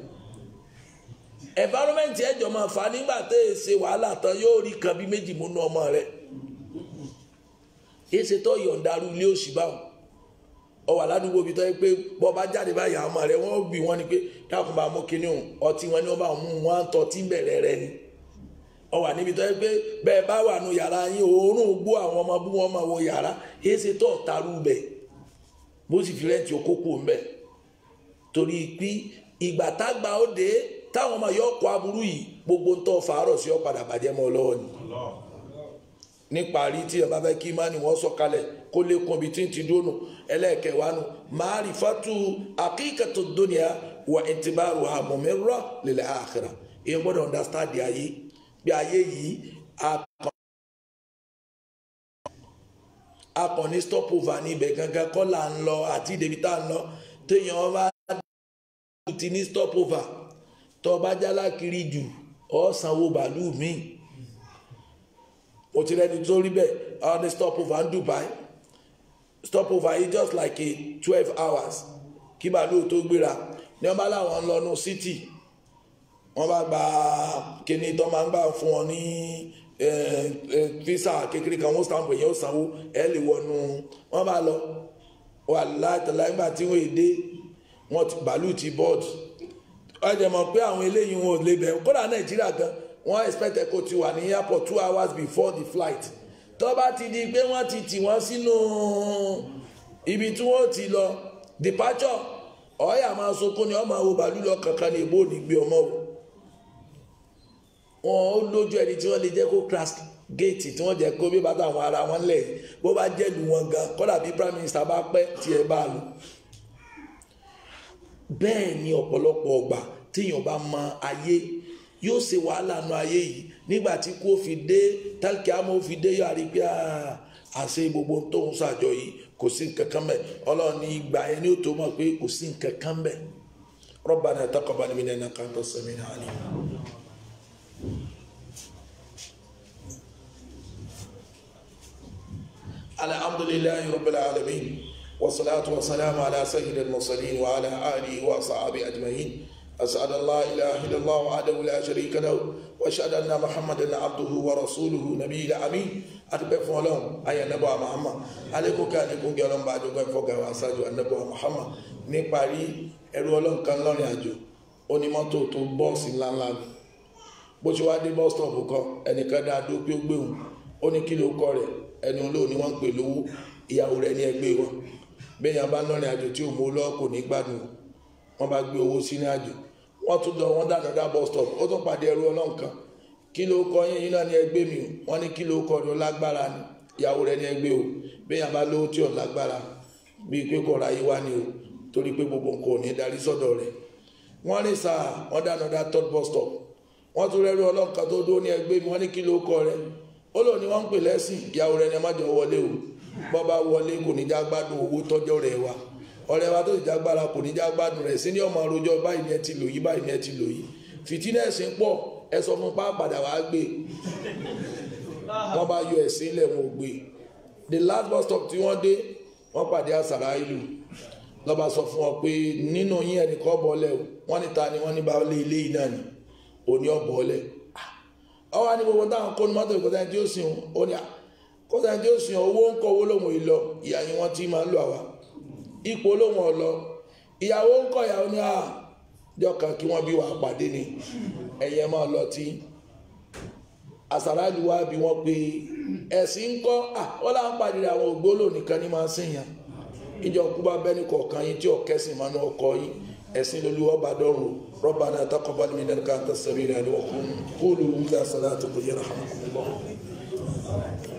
environment ẹjọ́ máa fa nígbà tó e ṣe wàhálà tán yóò rí kan bí méjì múnú ọmọ rẹ̀ èsè tó yọ̀ǹda arú ilé òṣì ọwà ládùúgbò bíi tọ́ pé bọ́ bá jáde báyìí àwọn ọmọ rẹ wọ́n bì wọ́n ni pé dákun bá mú kinní òun ọtí wọn ni wọ́n bá mú wọn ń tọ́ tí ń bẹ̀rẹ̀ rẹ ni ọwà níbi tọ́ pé bẹ́ẹ̀ bá wà nù yàrá yín òórùn gbó àwọn ọmọ bú wọn máa wọ yàrá èé ṣe tọ́ tarú bẹ̀ bó sì fi rẹ́ǹtì okókó ń bẹ̀ torí pé ìgbà tágbà ó dé táwọn ọmọ yóò kọ aburú yìí gbogbo ń tọ́ fàárọ̀ kó lè kun ibi tí ń ti dúró nù ẹlẹ́ẹ̀kẹwàá nù ma'rifatu haqiqatu dunya wa itibaruha mumirra lil akhirah èèyàn gbọ́dọ̀ understand ayé bí ayé yìí akọni stopover níbẹ̀ gangan kọ́ là ń lọ àti ìdèbí tá ń lọ téèyàn bá ti ní stopover tó bá jálá kiri jù ọ̀ sanwó bàálù míì mo ti rẹ́ni tó rí bẹ́ẹ̀ ọ̀nà stopover ń Dubai stopover yìí just like a twelve hours kí bàálù tó gbéra ní wọ́n bá láwọn ń lọ́nu city wọ́n bá gba kíní tó máa ń gbà fún wọn ní visa kékeré kan wọ́n stamp èyàn ó sanwó ẹ̀ lè wọnú wọ́n bá lọ wà látàlá nígbà tí wọ́n èdè wọ́n ti bàálù ti board wọ́n jẹ́ mọ̀ pé àwọn eléyìí wọn ò lè bẹ̀rù kódà nàìjíríà gan wọ́n expect ẹ̀ kó ti wà ní airport two hours before the flight tó bá ti di pé wọ́n ti tì wọ́n sínú ibi tí wọ́n ti lọ departure ọ̀ọ́yà máa sunkún ni ọmọ àwọn bàálù lọ kankan ní ìbò ní ọmọ o wọn ó lójú ẹni tí wọ́n lè jẹ́ kó crash gate tí wọ́n jẹ́ kó bí bàtà àwọn ara wọn lẹ̀ bó bá jẹ́ lù wọn gan kọ́dà bí prime minister bá pẹ́ tiẹ̀ bá lò bẹ́ẹ̀ ni ọ̀pọ̀lọpọ̀ ọgbà téèyàn bá mọ ayé yóò ṣe wàhálà nu ayé yìí nígbà tí kò fi dé tálkì àmọ́ fi dé yọ àrí pé ah, àṣẹ gbogbo tó ń ṣàjọ yìí kò sí nǹkan kan bẹ́ẹ̀ ọlọ́run ní ìgbà yẹn ní òtò mọ̀ pé kò sí nǹkan kan bẹ́ẹ̀ ربنا تقبل منا انك انت السميع العليم الحمد لله رب العالمين والصلاة والسلام على سيد المرسلين وعلى آله وصحابه أجمعين أسأل الله إله إلا الله وحده لا شريك له وأشهد أن محمدا عبده ورسوله نبي الأمين أتبع فولون أي نبوة محمد عليكم كان يكون جلهم بعد يكون فوق وأساجو النبوة محمد níparí ẹrú ọlọ́run kan lọ́rin àjò onímọ́tò tó bọ́ọ̀sì ńláńlá ni bá gbé owó wọ́n tún lọ wọ́n dáná dá bus stop ó tún pàdé ẹrú ọlọ́run kan kí ló kọ yín náà ní ẹgbẹ́ mi wọ́n ní kí ló kọ ní lágbára ni ní ẹgbẹ́ o bẹ́ẹ̀ yàrá lówó tí ò lágbára bíi pé kọ̀ọ̀rọ̀ ni o torí pé gbogbo nǹkan ò ní sọ́dọ̀ rẹ̀ wọ́n rìn wọ́n dáná dá third bus stop ọ̀rẹ́ wa tó ti jágbára kò ní jágbádùn rẹ̀ sí ní ọmọ àròjọ báyìí ni ẹ ti lò yìí báyìí ni ẹ ti lò yìí fìtínà pọ̀ ẹ sọ fún pa padà wàá gbé wọ́n bá yọ ẹ̀sìn ilẹ̀ wọn ò gbé the last bus stop tí wọ́n dé wọ́n pàdé àṣàrà ìlú lọ́ba sọ fún ọ pé nínú yín ẹnì kan bọ́lẹ̀ o wọ́n ní ta ni wọ́n ní baálé ilé yìí náà ni òní ọ̀bọ̀ọ́lẹ̀ ọwọ́ ah! ní gbogbo táwọn kó ní mọ́tò ìkọ́tà ẹni tí ó sìn ó ní à ah! kọ́tà ẹni tí ó sìn owó ń kọ́ owó lòun ìlọ ìyá yín wọ́n ti máa ń lọ àwa ipò olóhùn ọ̀lọ́ ìyàwó ń kọ́ ìyàwó ní à jọkàn kí wọ́n bí wàá pàdé ni ẹ̀yẹ máa lọ tí àsàràjù wa bí wọ́n pé ẹ̀sìn ń kọ́ wọ́n là ń pàdé àwọn ògbólò nìkan ní máa ń sèyàn ìjọ kú bá bẹ́ni kọ̀ọ̀kan yín tí ọ̀kẹ́sìn máa ń ọkọ yín ẹ̀sìn lólu ọba dọ́rùn ربنا تقبل منا انك انت السميع العليم قولوا اذا صلاتكم يرحمكم الله